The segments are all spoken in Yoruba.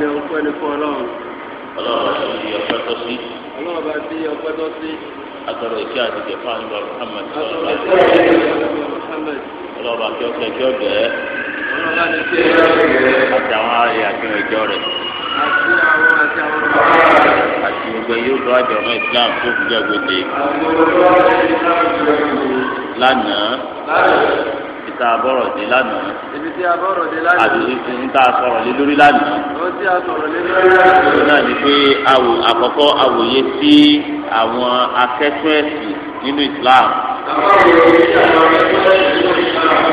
ni ọpẹ́ ní fún ọlọ́run. ọlọ́run bá ti ọpẹ́ tó sí. ọlọ́run bá ti ọpẹ́ tó sí. atọrọ ìkí àti ìkẹfà ń lọ Muhammad. atọrọ ìkí àti ìkẹfà ń lọ Muhammad. ọlọ́run bá kí ọkẹ kí ọgẹ. ọlọ́run bá ti kí ọgẹ. àti àwọn ààrẹ àfihàn ìjọ rẹ. àti àwọn àti àwọn ọmọ àti gbogbo yóò lọ àjọ ọmọ Islam tó fi jẹ gbòde. àti gbogbo yóò lọ àjọ ọmọ Islam tó fi jẹ gbòde. lánàá. lánàá ibi tá a bọ̀rọ̀ dé lánàá. ibi tí a bọ̀rọ̀ dé lánàá. àbí ibi ń tá a sọ̀rọ̀ lé lórí lánàá. ó ti a sọ̀rọ̀ lé lórí lánàá. ìṣòro náà ni pé àwò àkọ́kọ́ àwòye sí àwọn akẹ́kọ̀ọ́ ẹ̀sìn nínú Islam.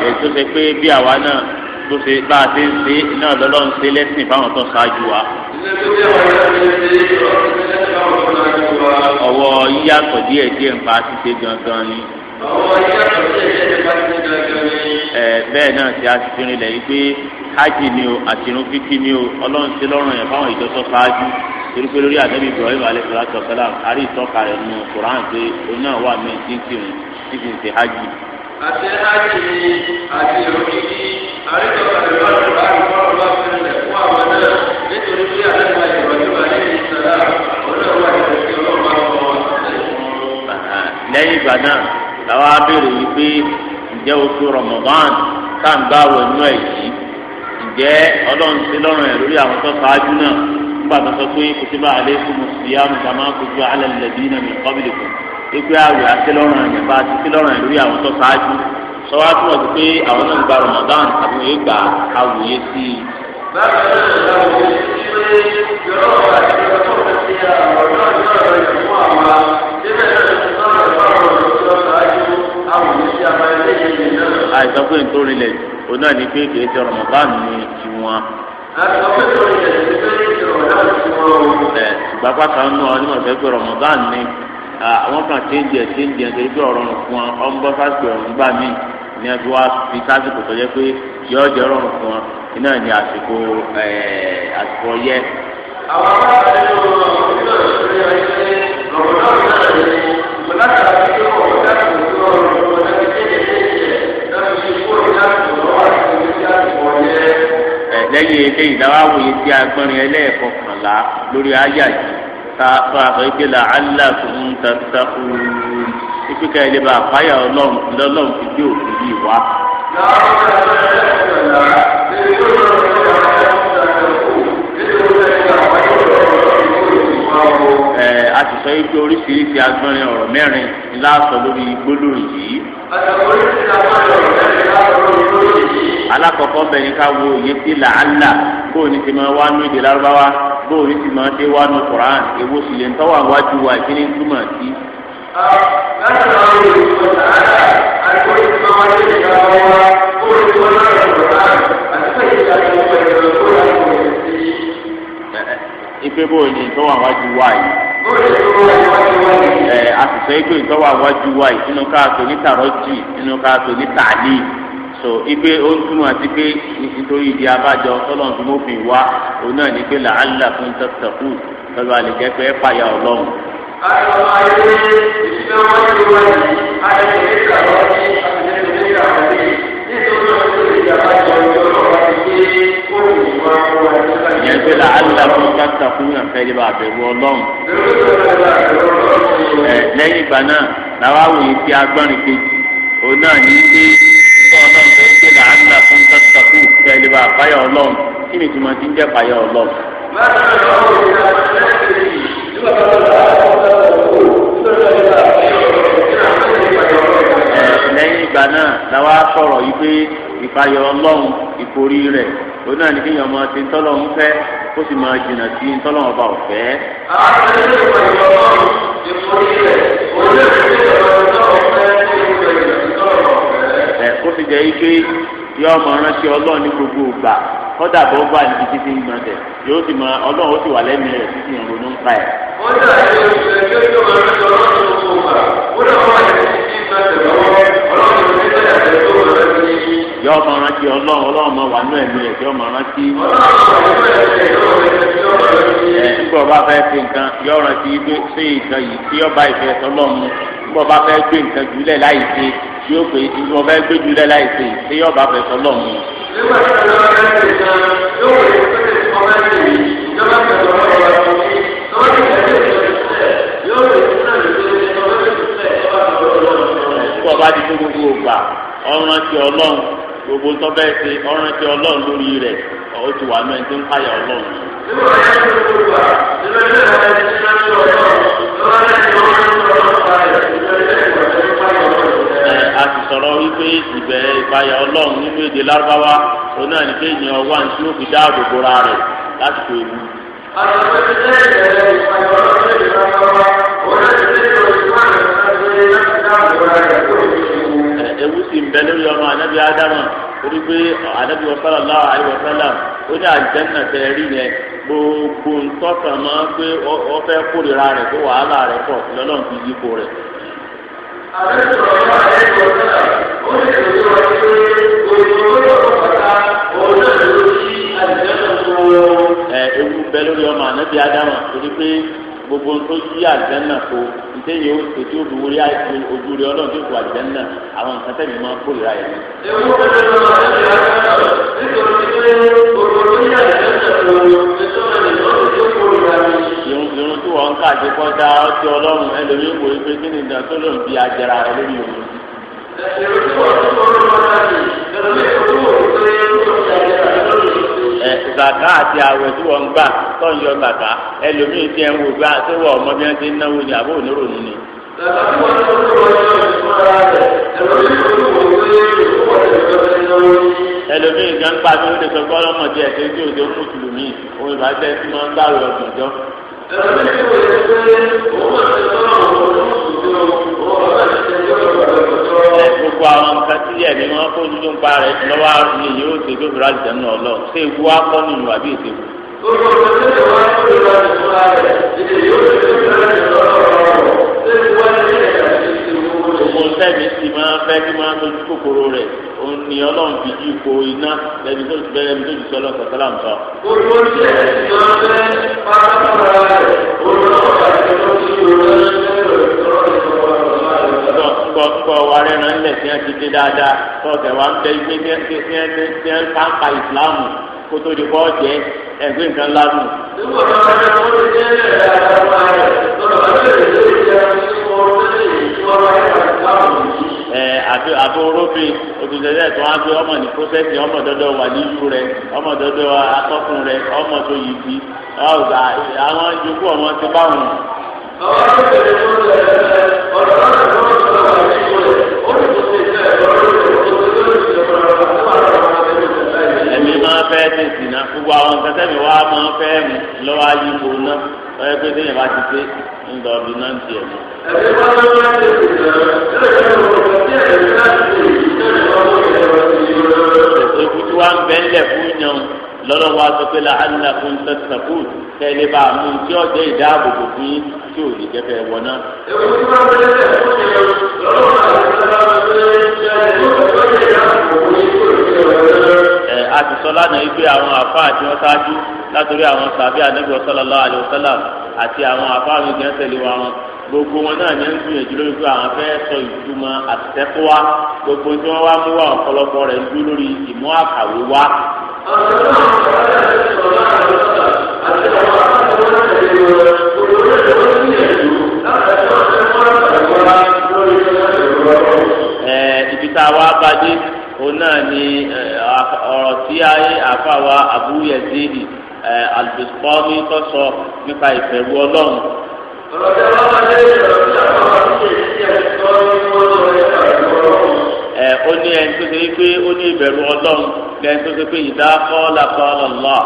ètò ṣe pé bí àwa náà bó ṣe bá a ṣe ń ṣe iná lọ́lọ́ ń ṣe lẹ́sìn fáwọn tó ṣáájú wa. ọwọ́ yíyàtọ̀ díẹ̀ díẹ̀ ń pa ṣíṣe gangan ni. ọwọ́ yíyàtọ̀ díẹ̀ díẹ̀ bẹ́ẹ̀ náà ti aṣèrin lẹ̀ yìí pé hajj ni o àtìrún ni o ọlọ́run ti lọ́rùn yẹn fáwọn ìjọsọ ṣáájú torí lórí àdébí Ibrahim alẹ́sọ̀rọ̀ sọ́lá àrí ìtọ́ka rẹ̀ nù Kùrán pé òun náà wà mí tí ń hajj. àti hajj ni àti ìrún rẹ̀ wà lọ́wọ́ fún àwọn náà nítorí pé àdébí Ibrahim lẹ́yìn ìgbà náà làwọn ǹjẹ́ oṣù Ramadan tá à ń bá wọ inú ẹ̀ yìí ǹjẹ́ ọlọ́run ti lọ́rùn ẹ̀ lórí àwọn tó ṣáájú náà nígbà tó sọ pé kùtìbà àlékún mùsùlùmí kàmá kojú alẹ́ lẹ́bí náà mi kọ́bìlì kù ikú àwẹ̀ àti lọ́rùn ẹ̀ bá ti ti lọ́rùn ẹ̀ lórí àwọn tó ṣáájú sọ wá túmọ̀ sí pé àwọn náà ń gba Ramadan àbí wọ́n gbà àwòye sí i. bákan náà làwọn ò àìsàn pé n tó rinlẹ̀ òun náà ní pé kìí ṣe Ramadan ní tiwọn. àìsàn pé tó rinlẹ̀ ní pé kìí ṣe Ramadan ní tiwọn. ẹ ṣùgbọ́n pàtó ń nù ọ ní mọ̀tẹ́ pé Ramadan ní àwọn kan ṣe ń jẹ ṣe ń jẹ nítorí pé ọ̀rọ̀ fún wọn ọ̀n bọ́ sásìkò ọ̀rùn gbà mí ní ẹbí wa fi sásìkò tó yẹ pé yọ ọ̀jẹ̀ ọ̀rọ̀ fún wọn iná ní àsìkò àsìkò ọyẹ. àwọn aráàlú ọ̀rọ̀ náà ṣe ọ̀rọ̀ náà ṣe ọ̀rọ̀ náà ṣe lẹ́yìn eléyìí làwọn àwòye tí agbọ́nrin ẹlẹ́ẹ̀kọkànlá lórí àyà yìí ta tó àfẹ́gbẹ́ la aláàfin tata òun ìpínkà ilé bá àpáyà ọlọ́run fi dé òkú yìí wá. a ti sọ wípé oríṣiríṣi agbọ́nrin ọ̀rọ̀ mẹ́rin ńlá sọ lórí gbólóhùn yìí. àtàwọn oríṣiríṣi agbọ́nrin ọ̀rọ̀ alákọ̀ọ́kọ́ bẹ̀ ní ká wo òye sí làálà bó o ní ti máa wá nú èdè lárúbáwá bó o ní ti máa ṣe wá nú koran èwo sì lè ń tọ́wọ́ àwájú wa ìdílé túmọ̀ sí. ipe bó o ní tọ́wọ́ àwájú wa yìí. ẹ àtúnṣe ipe tọ́wọ́ àwájú wa yìí nínú ká tó ní tàrọ́jì nínú ká tó ní tàlí so ipe ó ń túmọ̀ àti pé nítorí ìdí abájọ tọ́lọ̀ tó mọ́fin wá òun náà ní pé làálà fún tọ́tàkù tọ́lọ̀ àlejò pé pààyà ọlọ́run. ayọ̀ ayé ìṣúná wọn ti wá yìí ayé ìrẹ́kà lọ sí àtúnṣe ìrẹ́kà lọ sí nítorí ọ̀sẹ̀ ìdí abájọ ìjọba wa ti gbé kóòtù ìwà wọn àti ìyẹn pé làálà fún tọ́tàkù fẹ́ lè bá ọlọ́run. lẹ́yìn ìgbà náà làwọn àwòyè ti agbọ́nrin kejì òun náà ní í lè bá àpáyà ọlọ́run kí ni ìtumọ̀ ti ń jẹ́ àpáyà ọlọ́run. lẹ́yìn ìgbà náà làwa sọ̀rọ̀ yìí pé ìpayọ̀ ọlọ́run ìforí rẹ̀ òun náà ní kí èèyàn máa ti ń tọ́lọ̀ ń fẹ́ kó sì máa jìnnà sí ń tọ́lọ̀ ọba ọ̀fẹ́. àwọn ẹgbẹ́ ìpayọ̀ ọlọ́run ìforí rẹ̀ òun náà ní kí èèyàn máa ti jẹ́ ike yọ ọmọ rántí ọlọ́run ní gbogbo ìgbà kọ́dà bọ́ bá ní títí tí ń gbọ́n tẹ̀ yóò sì mọ ọlọ́run ó sì wà lẹ́nu rẹ̀ títí ń ronú pa ẹ̀. kọ́dà yóò ṣe kí ó máa rántí ọlọ́run ní gbogbo ìgbà kódà wọ́n wà ní títí tí ń gbọ́n tẹ̀ lọ́wọ́ ọlọ́run ní títí tí ń gbọ́n tẹ̀ yọ ọmọ rántí ọlọ́run ọlọ́run máa wà nú ẹ̀mí rẹ̀ yọ ọmọ rántí. ẹ̀ nígbà ọba fẹ́ fi nǹkan yọ rántí pé ṣé ìkan yìí tí ọba ìfẹ́ sọlọ́run bọ́ bá fẹ́ gbé nǹkan jùlẹ̀ láì ṣe yóò pé ibi bọ́ fẹ́ gbé jùlẹ̀ láì ṣe ṣé yóò bá fẹ́ sọ́lọ̀ mu. nígbà tí wọ́n bá fẹ́ ṣe ìjọba yóò wọlé pé ọmọ ẹ̀sìn yìí ìjọba tẹ̀sán ọ̀rọ̀ ọ̀rọ̀ ọba di gbogbo gbà ọràn ti Ọlọ́run gbogbo tọbẹ ṣe ọràn Ọlọ́run lórí rẹ ó ti wà mẹ tó ń káyà Ọlọ́run. a sì sọ̀rọ̀ wípé ìbẹ̀rẹ̀ ìpayà ọlọ́run nínú èdè lárúbáwá òun náà ní pé èèyàn wà ní tí ó fi dáàbò bora rẹ̀ lásìkò èmi. ewu sì ń bẹ lórí ọmọ adama pé ó ní yẹn gbogbo máa ń ọ kórìíra rẹ̀ wàhálà rẹ̀ pọ̀ fi yípo rẹ̀ bẹ lórí ọmọ ànábì ádámà torí pé gbogbo ń tó yí àjẹ́nà kó ntẹ́yìn ó tètè ó fi wọlé ojú rẹ ọlọ́run tó kó àjẹ́nà àwọn nǹkan tẹ̀lé máa ń kó ìra yẹn. ewu bẹ̀rẹ̀ lọ́wọ́ àti àgbà nítorí pé gbogbo tó yí àjẹ́nà kó ètò ìrìnàjò tó kó ìra yẹn irun tí wọ́n ń kà dé kọjá ọtí ọlọ́run ẹlòmíín kò ní pé kí ni ìdá tó ló ń bi àjẹrà rẹ lórí òun. ẹ zàká àti àwẹ̀ tí wọ́n ń gbà tó ń yọ zàká ẹlòmíín ti ẹ̀ ń wò gbà tó wọ́n ọmọ bí wọ́n ti ń náwó ni àbó onírònú ni. ẹlòmíín kan pàṣẹ ó lè sọ kọ́ ọlọ́mọdé ẹ̀ tó ń tí òde ó mú tùlùmí òun ìbáṣẹ́ tí wọ́n ń gbà rẹ̀ ọ̀gbọ̀njọ́ gbogbo àwọn nǹkan tí ẹ̀mí wọn kó dúdú ń pa rẹ̀ lọ́wọ́ àrùn yìí yóò ṣe tó fìlà jẹ̀ náà lọ ṣé ewu akọ nínú àbí ètò gbogbo nǹkan wọn kó dúdú ń pa rẹ̀ lọ́wọ́ yóò ṣe tó fìlà jẹ̀ náà lọ ṣé ewu akọ nínú gbogbo sẹ́mi sì máa fẹ́ kí máa tójú kòkòrò rẹ̀ òun ni ọlọ́run fi jí ipò iná lẹ́bi tó ti bẹ́ẹ̀ lẹ́bi tó ti sọ lọ́sọ̀ sọ́lá ń sọ. gbogbo sẹ́mi sì máa fẹ́ pátákó rẹ̀ òun náà wà ní ọjọ́ tí òun náà ń kọ wa rẹran ńlẹ tí wọn ti dé dáadáa tọọtẹ wa ń bẹ gbé tí wọn ti tí wọn ti tí wọn kà ń pa ìsìlámù kó tó di kọ jẹ ẹgbẹ nǹkan lánàá. nígbà tó ń bá yẹn wọ́n ti dé ẹ̀rọ àwọn ará rẹ̀ lọ́dọ̀ wọn lè lè jẹun ní. àti àti orófin òtútẹ́tẹ́ tó wá gbé ọmọ ní prọfẹ́sì ọmọ dọ́dọ̀ wà níyú rẹ ọmọ dọ́dọ̀ atọ́kùn rẹ ọmọ tó yìí fi àwọn ìjókòó ọmọ ti bá wọn. àwọn akẹ́kọ̀ọ́ tó ń lẹ̀ ọ̀dọ́ náà ló ń sọ àwọn ìṣòro rẹ̀ ó ní kò sí ìṣẹ́ ìṣòro rẹ̀ ó ti lórí ìṣòro rẹ̀ ó wà lọ́wọ́ ẹ̀mí máa fẹ́ tètè náà gbogbo àwọn nǹkan tẹ́mi wá máa fẹ́ lọ́wọ́ ayé ìbò náà pé téèyàn bá ti ń náà ń tiẹ̀ náà. òkútu wa ń bẹ́ ńlẹ̀ fún yàn lọ́dọ̀ wa sọ pé làálà fún tẹ̀sán kù tẹ̀lé bá a mú tí ọjọ́ ìdáàbòbò fún yín tí ò ní jẹ́fẹ̀ wọ náà. òkútu wa ń bẹ́ ńlẹ̀ fún yàn lọ́dọ̀ wa sọ pé làálà fún tẹ̀sán kù àti sọlá náà yìí pé àwọn àfa àti wọn ṣáájú látòrí àwọn sàbí ànágbèsọlá lọ àlè òsọlá àti àwọn àfa àwọn ìgbẹ́sẹ̀ lé wọn gbogbo wọn náà ní ń gbìyànjú lórí pé àwọn fẹ́ sọ ìtumọ̀ àtẹ́kọ́ wa gbogbo tí wọ́n wá mú wa ọ̀pọ̀lọpọ̀ rẹ̀ ń dú lórí ìmú àkàwé wa. ibi tá a wá bá dé òun náà ni ọ̀rọ̀ tí ayé àfa wa àbúrò yẹn dé ni àlùfáà nípa ìfẹ̀wù ọlọ́run ẹ ó ní ẹni tó ṣe pé ó ní ìbẹ̀rù ọlọ́run lẹ́yìn tó ṣe pé ìdá kọ́ọ́lá kọ́ọ́lá lọ́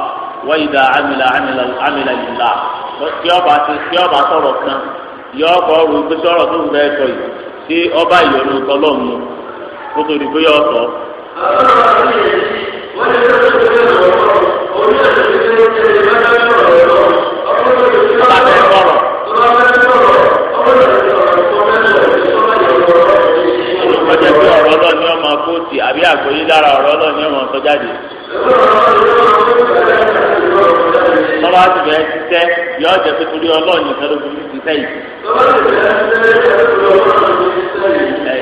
wọ́n ìdá amìlà amìlà lìlá tí ọba tí ọba sọ̀rọ̀ kan yọ ọkọ̀ ọ̀rọ̀ pé sọ̀rọ̀ tó ń bẹ́ẹ̀ sọ yìí tí ọba ìyọnu tọlọ́mù kó tó di pé yọ ọ̀tọ̀. ọba tẹ ọ̀rọ̀ Ọlọ́run ni wọ́n máa kó tì àbí àgbọ́yé lára ọ̀rọ̀ Ọlọ́run ni wọ́n máa sọ jáde. tọ́lá ti bẹ̀rẹ̀ ṣiṣẹ́ yọ ọ̀jẹ̀ pé torí Ọlọ́run nìkan ló fi yìí.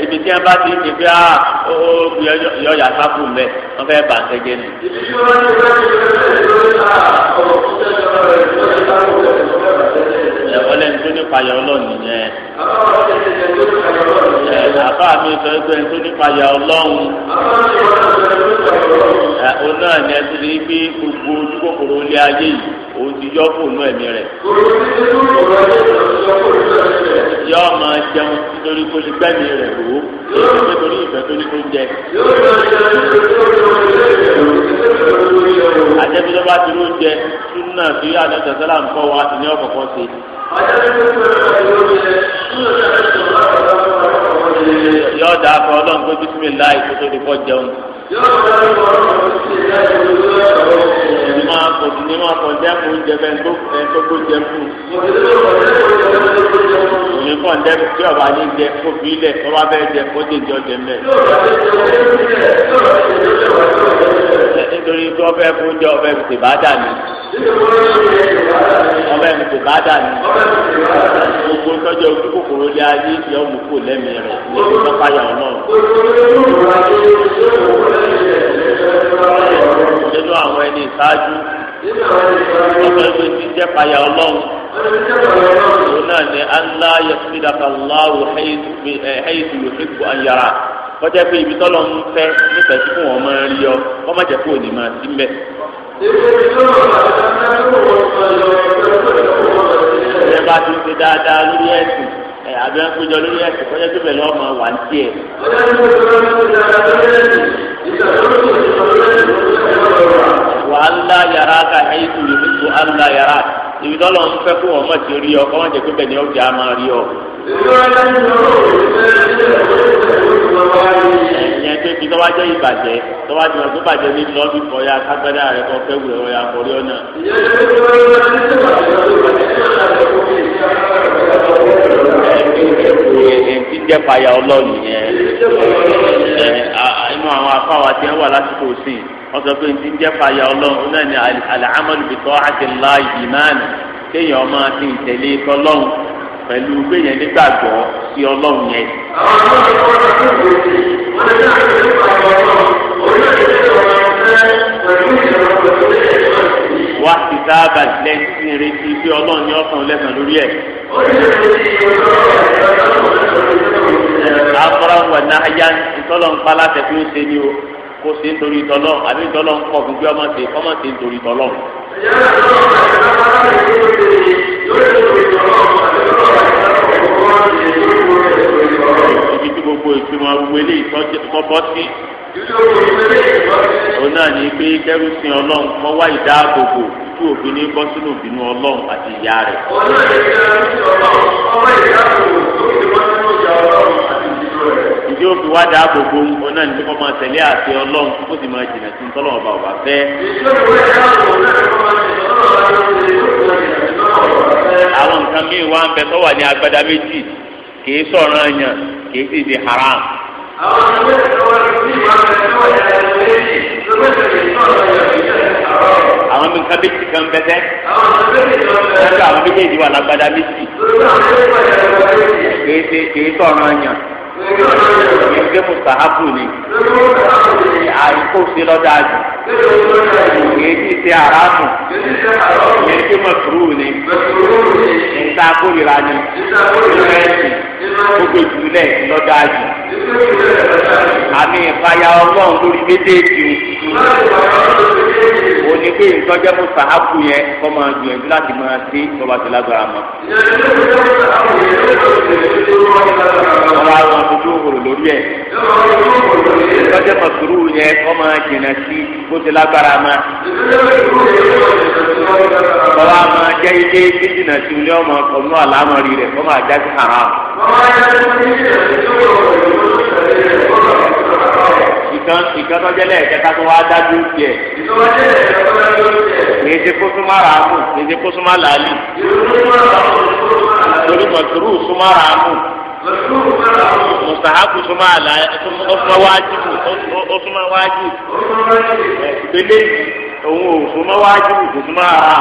ibi tí wọ́n bá ti ṣe pé ah, ó yọ yàtá fún bẹ́ẹ̀ wọ́n fẹ́ bà ṣẹ́jẹ́ nù ẹ ọlẹ́ni tó ní payà ọlọ́ọ̀nì yẹn. ẹ àbá mi sọ pé ẹni tó ní payà ọlọ́ọ̀hún. ẹ ọ náà ni ẹ ti rí bí gbogbo ojú kòkòrò ilé ayé yìí òun ti yọ fóònù ẹ̀mí rẹ̀. yọ ọmọ jẹun nítorí kó lè gbẹ́mí rẹ̀ lò ó nítorí ìfẹ́ tó ní kó jẹ. àjẹbí ló bá ti ló jẹ súnà sí àjọ tẹ̀sán là ń kọ́ wa ti ní ọ̀kọ̀ọ̀kan sí i yóò dà fún ọlọ́run pé bisimilayi tó tó di kọ́ jẹun. ní máa kò ní máa kọjá kó jẹ bẹ́ẹ̀ tó kó jẹ fún un ní kọ̀ǹdẹ́ tí ọba ní jẹ kó fi ilẹ̀ ọba bẹ́ẹ̀ jẹ kó tètè ọjẹ mẹ́. nítorí pé ọbẹ̀ fún jẹ ọbẹ̀ fi tèbá dà ní. ọbẹ̀ fi tèbá dà ní. gbogbo tọ́jú ojú kòkòrò lé ayé yọ mú kó lẹ́mìí rẹ̀ ní ẹni tó fàyà ọ̀nà. nínú àwọn ẹni ìṣáájú ọbẹ̀ fi jẹ́ fàyà ọlọ́run. òun náà ni allah yasudaka allahu eh, haythu yuhibbu an yara ibi tọ́lọ̀ ń fẹ́ nípa tí kò wọ́n máa rí ọ kọ́ má jẹ́ kó ní máa sí mbẹ́. ẹ bá ti ṣe dáadáa lórí ẹ̀sìn ẹ àbí wọn lórí ẹ̀sìn kọjá tó bẹ̀rẹ̀ ọmọ wà ní tiẹ̀. wàhálà yàrá ka yàrá. ibi tó lọ ń kó wọn mọ̀ ti rí ọ kọ́ wọn pé bẹ́ẹ̀ ni ó jẹ́ a máa rí ọ. ẹ̀yìn ẹgbẹ́ ibi tó wá jẹ́ ìbàjẹ́ tó jẹ́ tó bàjẹ́ ní lọ́ọ̀bì kọ́ ya kágbẹ́dá kọ́ fẹ́ wúlò ọ̀ya kọ́rí ọ̀nà. ẹ̀ẹ́dì jẹ́ payà ọlọ́ọ̀nì yẹn inú àwọn afáwà tí wọ́n wà lásìkò sí i wọ́n sọ pé ti ń jẹ́ fàyà ọlọ́run náà ni al-amalu bi ta'ati Allah ìmáàni kéèyàn ọmọ ti ń tẹ̀lé tọ́lọ́run pẹ̀lú gbẹ̀yẹn nígbàgbọ́ sí ọlọ́run yẹn. àwọn ọmọ mi kọ́ ọ́ tó kù sí wọ́n lè ní àwọn ìlú àwọn ọlọ́run orílẹ̀-èdè ọ̀rọ̀ ọ̀fẹ́ pẹ̀lú ìṣẹ̀lẹ̀ ọ̀rọ̀ wá sí sáábà lẹ́sìn retí pé ọlọ́run ní ọ̀sán lẹ́sàn lórí ẹ̀. àkọ́rọ̀ wà náà yá ìtọ́lọ́ ń pa láti ẹ̀ fi ń ṣe ni o kó ṣe nítorí tọlọ àbí tọlọ ń kọ gbogbo ọmọ ṣe kọmọ ṣe nítorí tọlọ. ibi tí gbogbo ìtumọ̀ wọlé ìtọ́jọ́ sí. òun náà ní pé kẹrù sin ọlọ́run kọ́ wá ìdáàbòbò tí òfin ní bọ́ ìbínú ọlọ́run àti ìyá rẹ̀. òun náà ní kẹrù sin ọlọ́run kọ́ wá ìdáàbòbò tó ìdí òfin wá dáa gbogbo òun náà nígbà máa tẹ̀lé àti ọlọ́run kó sì máa jìnà sí tọ́lọ́ ọba ọba fẹ́. àwọn nǹkan míì wá ń bẹ tó wà ní agbada méjì kìí sọ̀rọ̀ àyàn kìí sì di haram. àwọn ọmọ ìṣẹ́ wọn ti máa ń bẹ tó wà ní agbada méjì tó bẹ̀rẹ̀ kìí sọ̀rọ̀ àyàn kìí sì di haram. àwọn nǹkan méjì kan bẹ tẹ́. àwọn nǹkan méjì kan bẹ tẹ́. lọ́jọ́ àwọn méjèèjì wà lágbada méjì. lọ́jọ́ àwọn méjì. kìí sọ̀rọ̀ àyàn ìgbé mùsàhábù ni àìkó sí lọ́dà jù èyí ti àràmù èyí ti mọ̀túrù ni níta kórìíra ni ìrẹsì gbogbo ìdúlẹ̀ lọ́dà jù àmì ìfàyà ọlọ́run lórí méjèèjì ó ní pé ìtọ́jẹ́ mú sàákù yẹn kọ́ máa gbìyànjú láti máa sí lọ́ba tí lágbára mọ́. ọ̀rọ̀ àwọn àtúntò òhòrò lórí ẹ̀. ìtọ́jẹ́ mọ̀sùrù yẹn kọ́ máa jìnà sí bó ti lágbára mọ́. ọ̀rọ̀ àmọ́ jẹ́ ilé jíjìnà sí ilé ọmọ àlámọ̀rí rẹ̀ kọ́ máa sí kan ìgbàdọ́jẹ́lẹ̀ ẹ̀kẹta tó wá dájú tiẹ̀. ìgbàdọ́jẹ́lẹ̀ ẹ̀kẹta tó wá dájú tiẹ̀. kì í ṣe kó súnmọ́ ara mú kì í ṣe kó súnmọ́ làálì. torí mọ̀tòrú súnmọ́ ara mú. mùsàhábù súnmọ́ àlà ọ̀sùnmọ́ wájú ọ̀sùnmọ́ wájú. ìpele òun ò súnmọ́ wájú kò súnmọ́ ara.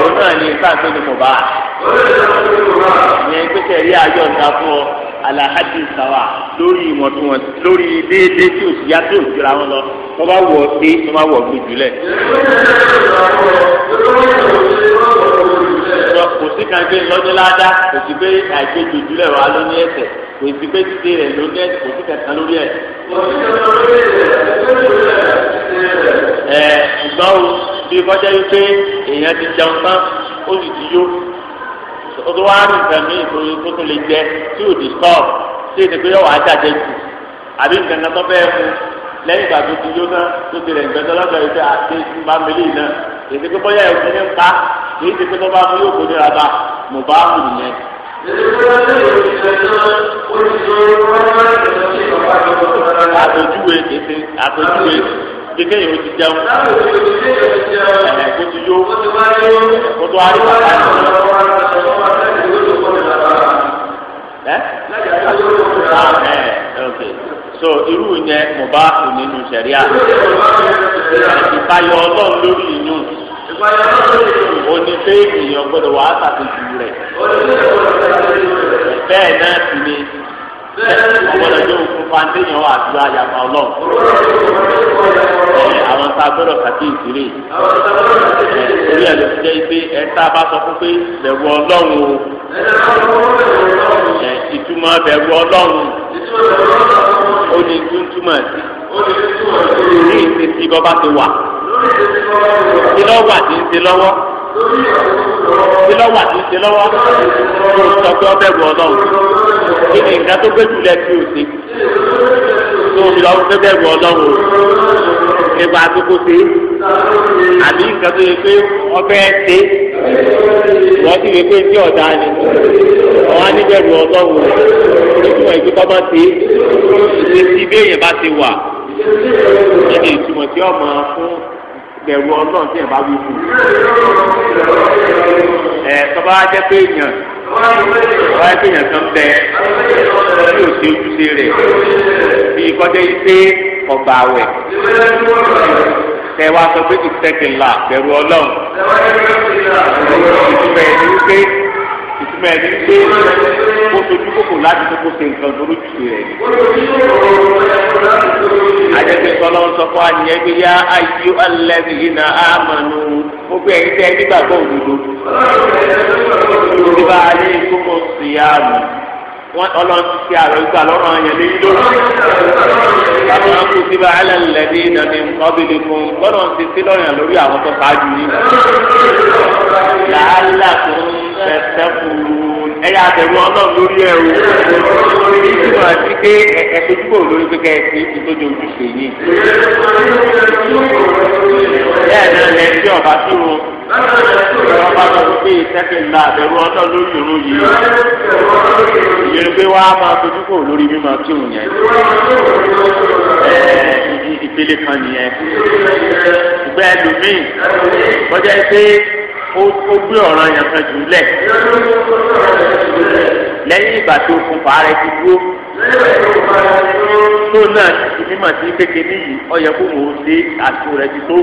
òun náà ni sáà tó ní mọ̀ bá. ìyẹn pé kẹ̀rí ayọ̀ ń ta fún ọ alahadi sawa lórí ìwọ̀ntúnwọ̀ntún lórí déédéé tí òsì yá tó ìjọra wọn lọ wọn bá wọ pé wọn bá wọ gbójú lẹ. kò sí kan pé lọ́jọ́ ládá kò sí pé àìpé jòjú lẹ̀ wá ló ní ẹsẹ̀ kò sí pé títí rẹ̀ ló ní ẹsẹ̀ kò sí kankan lórí ẹ̀. ẹ̀ ǹgbọ́n o bí kọjá yìí pé èèyàn ti jẹun tán ó sì ti yó o tó wá rí nǹkan mi ìtòyí tó tún lè jẹ tí ò disturb tí èdè pé yọ̀wọ̀ ajáde jù àbí nǹkan kan tó bẹ́ẹ̀ mu lẹ́yìn ìgbà tó ti yó náà tó ti rẹ̀ gbẹ́dọ́ lọ́dọ̀ yìí pé àti bá mi lè náà èdè pé bóyá ẹ̀kú ní pa kì í ti pé tó bá mu yóò kó nira bá mo bá mú nìyẹn. àtòjúwe kì í ti àtòjúwe kékeré yìí ó ti jẹun ẹ̀ẹ́dẹ́gbó ti yó kó tó arí bàtà yìí ẹ eh? ok so irú yẹn mo bá kù nínú sẹríà ìfayọ Ọlọ́run lórí inú onífẹ́ẹ̀mì èèyàn gbọ́dọ̀ wàá ṣàtìjú rẹ̀ bẹ́ẹ̀ náà sì ni ọgbọ́dọ̀ yóò fún fàǹdéyàn àti àyàfà ọlọ́run àwọn tá a gbọ́dọ̀ kàkí ìdílé orí ẹ̀ ló ti jẹ́ pé ẹ̀ tá a bá sọ fún pé lẹ́wọ́ ọlọ́run o yẹn ìtumọ̀ bẹ̀rù ọlọ́run ó ní túntúmọ̀ sí ní ìsesí bọ́ bá ti wà tí lọ́wọ́ wà tí ń ṣe lọ́wọ́ tí lọ́wọ́ wà tí ń ṣe lọ́wọ́ tó sọ pé ọ ọlọ́run kí ni nǹkan tó gbé jùlẹ̀ tí ò sí tó fi lọ́wọ́ pé bẹ̀rù ọlọ́run nípa àtúkò sí àbí nǹkan tó yẹ pé ọbẹ̀ ṣe wọ́n ti wípé ní ọ̀dà ni wọ́n á níbẹ̀rù ọlọ́run olójúmọ̀ ìgbé bábá ti ṣe ti bí èèyàn bá ti wà níbi ìtumọ̀ tí ọmọ fún bẹ̀rù ọlọ́run tí ẹ̀ bá wí fún ẹ̀ tọ́ba á jẹ́ pé èèyàn wọ́n á pè yàn kan bẹ tí ò ṣe ojúṣe rẹ̀ bí kọ́jọ́ yìí pé ọgbà àwẹ̀ tẹ wá sọ pé ìtẹ́kìlá bẹ̀rù ọlọ́run ìtumọ̀ ẹni wípé ìtumọ̀ ẹni wípé kó sojú kòkò láti tó kó ṣe nǹkan lórí jù rẹ̀. àjẹsẹ̀ sọlọ ń sọ fún àyẹ̀ bí yá ayé alẹ́bí iná àmàlù gbogbo ẹ̀yin tẹ́ nígbàgbọ́ òdodo. ìdíbà ayé kókó sí àmì wọn ọlọ́run ti ṣe àrò ìgbà lọ́rọ̀ yẹn lé lórí. káwọn kò sí bá alẹ́ ní ìdánilẹ̀ ọ̀bìnrin fún gbọ́dọ̀ ti sí lọ́rọ̀ yẹn lórí àwọn tó ṣáájú yìí. làálàá tó ń tẹ̀sẹ̀ fún un ẹ̀yà àtẹ̀wé ọlọ́run lórí ẹ̀ ní túmọ̀ sí pé ẹ̀ẹ́dójúbò lórí pé kẹ́ẹ̀sì ìtọ́jú ojúṣe yìí. bẹ́ẹ̀ náà lẹ́sí ọ̀bá tó o ìrọ̀ bá lọ sí pé ìtẹ́kẹ̀ ńlá àbẹ̀rù ọ̀tọ̀ lórí òun yìí. ìyẹn pé wàá máa fojú kò lórí mímọ tí òun yẹn. ìpele kan nìyẹn. ìgbẹ́ ẹlòmíì kọjá pé ó gbé ọ̀ràn yẹn kan jù lẹ̀ lẹ́yìn ìgbà tó kun fàárẹ ti dúró tó náà ti fi mímọ̀ sí kékeré yìí ọyẹ kó mò ń ṣe àtò rẹ ti tó.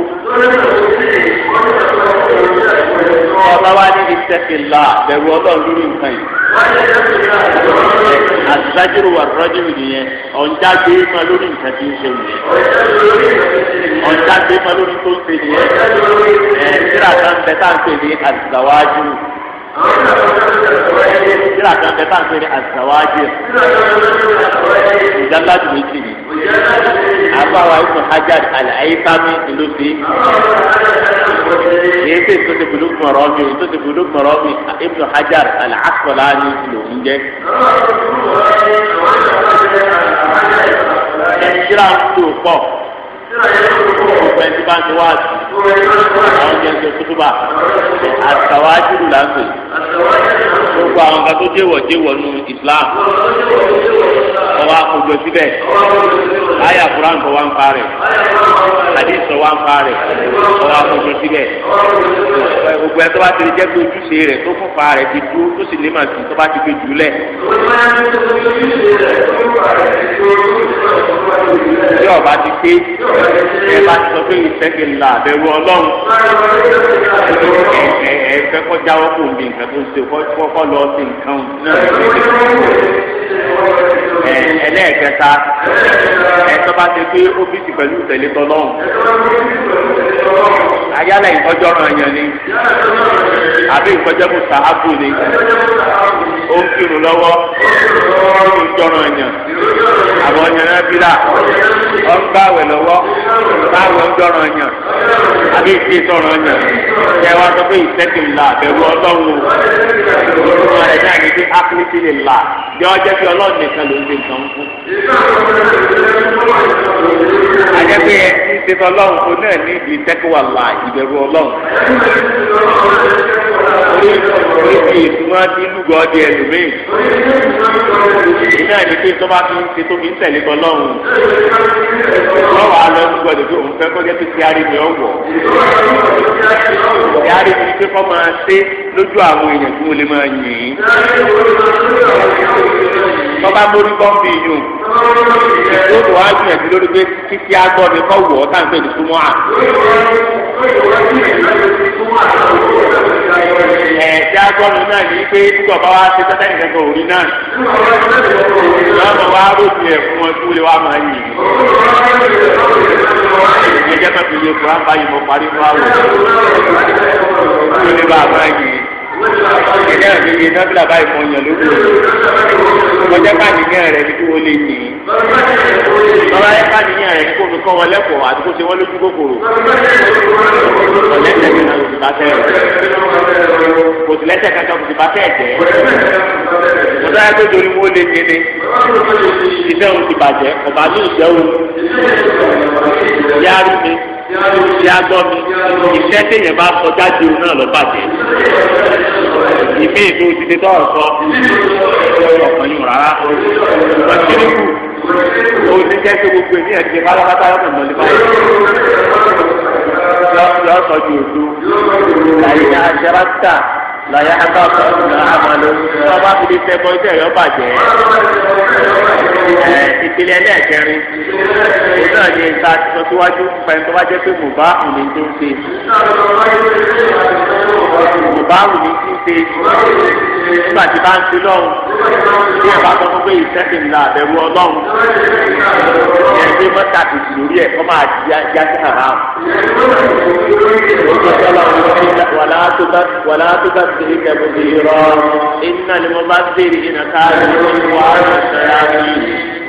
ọba wa ní ìtẹ́kìlá bẹ̀rù ọlọ́run lórí nǹkan yìí. àtìlájúrò wà rọ́jú nìyẹn ọ̀njà gbé ma lórí nǹkan tí ń ṣe nìyẹn. ọ̀njà gbé ma lórí tó ń ṣe nìyẹn. ẹ̀ ń tíra kan bẹ tá à ń pè ní àtìláwájú. Kíra kan bẹ táwọn pèrè àzàwájì. Ìjàmbá ti méjì ni. Àbáwá ibùn Hajar Al-Haytami ìlú sí. Kìí ṣe tó ti bùdó gbọ̀rọ̀ mi, tó ti bùdó gbọ̀rọ̀ mi, ibùn Hajar Al-Asqalani ìlú ń jẹ́. Kíra ń tó pọ̀. Ìgbẹ́ tí bá ń wá sí àwọn jẹ́ ẹ̀sọ́ kútúbà àtàwájú là ń pè gbogbo àwọn kan tó jẹ́wọ̀ jẹ́wọ̀ nù Islam ọwọ́ àkójọ síbẹ̀ àyà kuran kọ wá ń parẹ́ àdìsọ wá ń parẹ́ ọwọ́ àkójọ síbẹ̀ gbogbo ẹ̀ tó bá ti lè jẹ́ pé ojúṣe rẹ̀ tó fún fa rẹ̀ ti dúró tó sì lè mà sí tó bá ti fi jù lẹ̀. tí ọba ti pé ẹ bá ti sọ pé ìfẹ́kẹ̀ la àbẹ̀wò ọlọ́run ẹ ẹ fẹ́ kọ́ jáwọ́ kò ń bí nǹkan tó ń ṣe kọ́ lọ sí nǹkan ẹlẹ́ẹ̀kẹta ẹ̀tọ́ bá ti pé ọ́fíìsì pẹ̀lú tẹ̀lé tọ́lọ́hùn ayálẹ̀ ìtọ́jọ́ràn yẹn ni àbí ìtọ́jọ́ mùsà ábù ni ó kírun lọ́wọ́ ó ń jọràn yàn àwọn yàn náà bí là ó ń gbàwẹ̀ lọ́wọ́ báwo ń jọràn yàn àbí ìṣe sọ̀rọ̀ yàn kẹ́ wá sọ pé ìṣẹ́kì ńlá àbẹ̀wò ọlọ́run olùkọ́ rẹ̀ náà ní bí ápìlìkì lè là bí wọ́n jẹ́ pé ọlọ́run nìkan ló ń ṣe nǹkan fún. àjẹpẹ́ ẹ ti ṣe sọ ọlọ́run kò náà ní ìṣẹ́kì wà là ìbẹ̀rù ọlọ́run oríṣi ìtumọ̀ ti lúgọ ọdí ẹlòmíì iná ẹni pé tó bá fi ń ṣe tó fi ń tẹ̀lé kan lọ́hùn lọ́wọ́ alọ́ lúgọ ọdí pé òun fẹ́ kọjá pé tíárì ni ọ̀wọ̀ tíárì ni pé kọ́ máa ṣe lójú àwọn èèyàn tí mo lè máa yìn tọ́ba mórí bọ́m̀bì yùn lóòótọ́ wá gbìyànjú lórí pé títí agbọ́ni kọ́ wọ̀ ọ́ tá à ń pè ní súnmọ́ à ẹ̀ẹ́dì náà ní pé púpọ̀ bá wá ṣe tẹ́tẹ́ nìkan kan náà. lọ́mọ wa rògbì ẹ̀ wọn kí lè wá máa yìn. ìgbẹ́jẹ́ pẹ̀lú iye kura ń bá yìí mo parí fún àwọn. kí wọ́n lè bá máa yìn ìdí àti ìdí náà bílà báyìí fún yàn lóko kọjá pàdéyàn rẹ ní kí wọ́n lè ní í bàbá yẹn pàdéyàn rẹ ní kó fi kọ́ wọn lẹ́kọ̀ọ́ àti kó ṣe wọ́n lójú kòkòrò ọ̀lẹ́sẹ̀ kan kò sì bá fẹ́ rẹ̀ kò sì lẹ́sẹ̀ kankan kò sì bá fẹ́ jẹ́ kọjá yẹn tó dorí wọ́n lè ní ní iṣẹ́ òun ti bàjẹ́ ọ̀bà mi ìṣẹ́ òun yára mi yára gbọ́ mi ìṣẹ́ ìmí ètò òtítẹ tó ọsọ ọkàn yìí rárá wọn ti rí kù òtí jẹ pé gbogbo èmi ẹ̀ ti pátápátá yọ kàn lọ́lẹ́ báyìí yọ sọ ju òdo láyé aṣáràtà láyé abáfọ àmàlò tó bá fi lè fẹ́ mọ iṣẹ́ rẹ̀ bàjẹ́ ìpìlẹ̀ ẹlẹ́ẹ̀kẹrin náà ni ìta ti sọ síwájú pẹ̀lú tó bá jẹ́ pé mo bá òní tó ń ṣe ìbáwò ní ti ṣe nígbà tí bá ń ṣe lọ́hùn bí ẹ bá sọ fún pé ìṣẹ́sẹ̀ ńlá àbẹ̀wò ọlọ́hùn ẹ gbé mọ́tà tètè lórí ẹ̀ kọ́ máa di yájú àrà wàlá tó bá ti rí kẹ́kọ̀ọ́ sí iná ni mo bá ń bèrè iná káàdì lórí wàhálà ṣẹ́yà mi.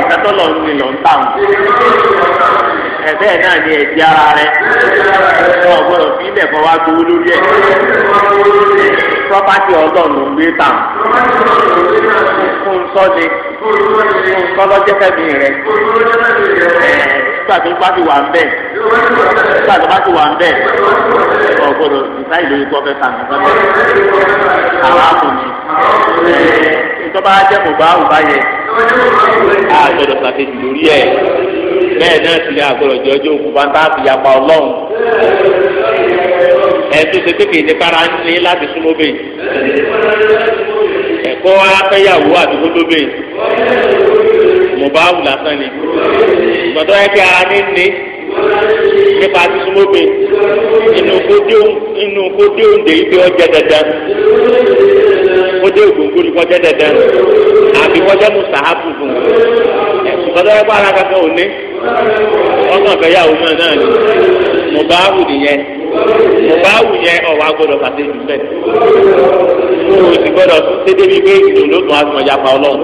ìtẹ́tọ́ lọ ní lọ ń tà wọn. ẹ̀bẹ́ náà ni ẹ̀jẹ̀ ara rẹ̀ ọ̀ gbọ́dọ̀ fi ilẹ̀ kọ́ wá gbowó lórí ẹ̀. property ọlọ́run gbé tà wọn. fún un sọ́de fún un sọ́lọ́jẹ́ rẹ̀ bá ti wà ń bẹ̀ nígbà bá ti wà ń bẹ̀ ọ̀gbọ́dọ̀ sàmì àwọn àgbẹ̀dọ̀ sàkejì lórí ẹ̀ bẹ́ẹ̀ náà sì ni jẹ́ ọjọ́ òkú ọlọ́run tó kéde ń lé kọ́ afẹ́yàwó àdúgbò tó mọ̀báwù lásán ni gbọ́dọ̀ yẹ ara ní ní nípa sísúmọ́bẹ̀ inú kó dé òǹdè ibi ọjà dandan kó dé ni dandan àbí mú sàhábù fún un gbọ́dọ̀ náà náà ni mọ̀báwù nìyẹn. báwù yẹn ọ̀wá gbọ́dọ̀ kàtẹ́ jù bẹ́ẹ̀ o sì gbọ́dọ̀ tún dédé bíi pé ìlú ló tún àtúmọ̀ ya pa ọlọ́run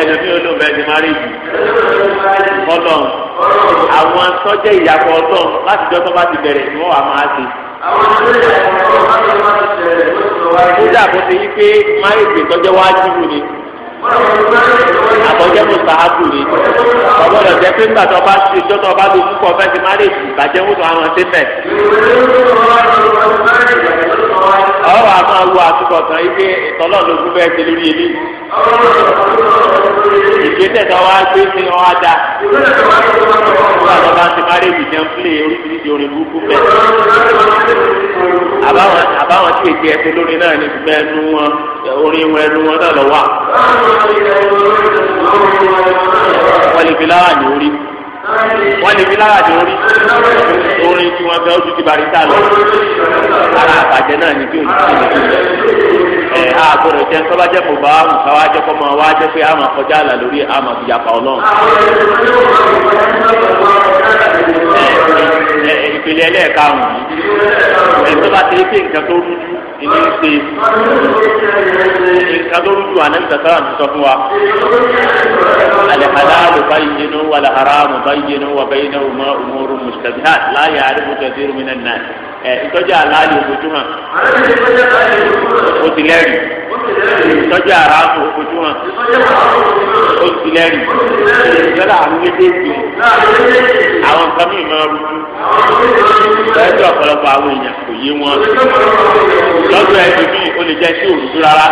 ẹnu mi ò lò bẹ́ẹ̀ ti máa rí jù ọlọ́run àwọn sọ́jẹ́ ìyàpọ̀ ọlọ́run láti jọ́ tó bá ti bẹ̀rẹ̀ ni wọ́n wà máa ṣe. kódà bó ti yí pé máa ń gbè tọ́jọ́ wájú ni àbọ̀jẹ́ kò sàábù ni ọgbọ́dọ̀ jẹ́ pé nígbà tó bá ṣe ìjọ tó bá lo púpọ̀ fẹ́ẹ́ ti má lè sùn ìbàjẹ́ wò tó àwọn ṣe fẹ́ ọ̀rọ̀ àmọ́ awo àtúkọ̀ kan yìí pé ìtọ́lọ́ ló fún bẹ́ẹ̀ ti lórí èmi. ìgbésẹ̀ tó wá gbé sí wọn á dá. ìgbésẹ̀ tó bá ti máa rí ìjẹun fúlẹ̀ oríṣiríṣi orin burúkú bẹ́ẹ̀. àbáwọn tí èké ẹsẹ̀ lórí náà ní ìgbẹ́ ẹnu wọn orin wọn ẹnu wọn náà lọ wà. wọ́n lè fi láwà ní orí. wọ́n lè fi lára jẹ orí orin tí wọ́n fẹ́ ojú ti bari tá lọ ara àbàjẹ́ náà ní kí òní ti lè fi ẹ̀ jẹ́ sọ́ba jẹ́ kó bá àwọn káwá jẹ́ kó máa wá jẹ́ pé kọjá àlà lórí fi ìpele ẹlẹ́ẹ̀karùn-ún ẹni tó bá ti pé nǹkan tó rújú ìní ṣe nǹkan tó rújú àná ìtàkàrà ti sọ fún wa. alihalalu bayyinu walaharamu bayyinu wa bayyinu ma umuru mustabihat la ya'rifu kathiru minan nas ẹ ìtọ́jú àlàyé ojoojúmọ́ o ti lẹ́rìí ìtọ́jú ara tó kojú wọn ó sì ìjọba àwọn méjèèjì àwọn nǹkan mìíràn máa rújú lẹ́jọ́ ọ̀pọ̀lọpọ̀ àwọn èèyàn kò yé wọn lọ́dọ̀ ẹ̀dùnmí ó lè jẹ́ sí òrùjú rárá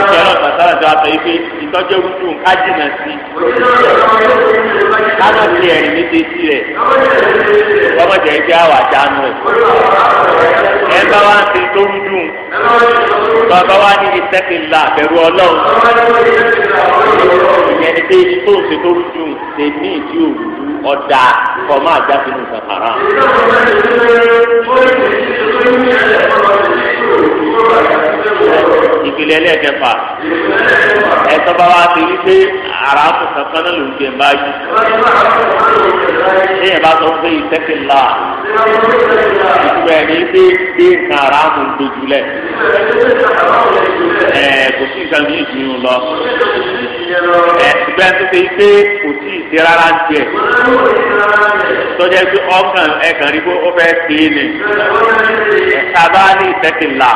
ìjọba tàtàrà tó àtọ̀ yìí pé ìtọ́jú rújú ká jìnà sí ká má ti ẹ̀rìn méjèèjì rẹ̀ ọmọdé ẹgbẹ́ àwọn rẹ̀ ẹ bá wá ń ṣe tó rújú bàbá wa ní ìsẹ́kìlá àbẹ̀rù ọlọ́run ìyẹn ni pé tó ń ṣe tó dùn ṣe ní ìdí òwú ọ̀dà kọ̀ọ̀mọ́ àjáfinú sàkàrà ìpìlẹ̀ ẹlẹ́ẹ̀kẹfà ẹ̀tọ́ bá wa ti rí pé ara kò kankan náà ló ń jẹun báyìí ṣé yẹn bá sọ pé ìtẹ́kìlá ìtura ẹ̀ ní pé gbé nǹkan ara kò ń dojúlẹ̀ ẹ̀ kò sí nǹkan mìíràn lọ. ẹgbẹ́ tó ṣe pé kò tí rárá ń tọ́jà pé ọkàn ẹ̀kàn rí bó fẹ́ pè é ni ẹ̀ka bá ní ìtẹ́kìlá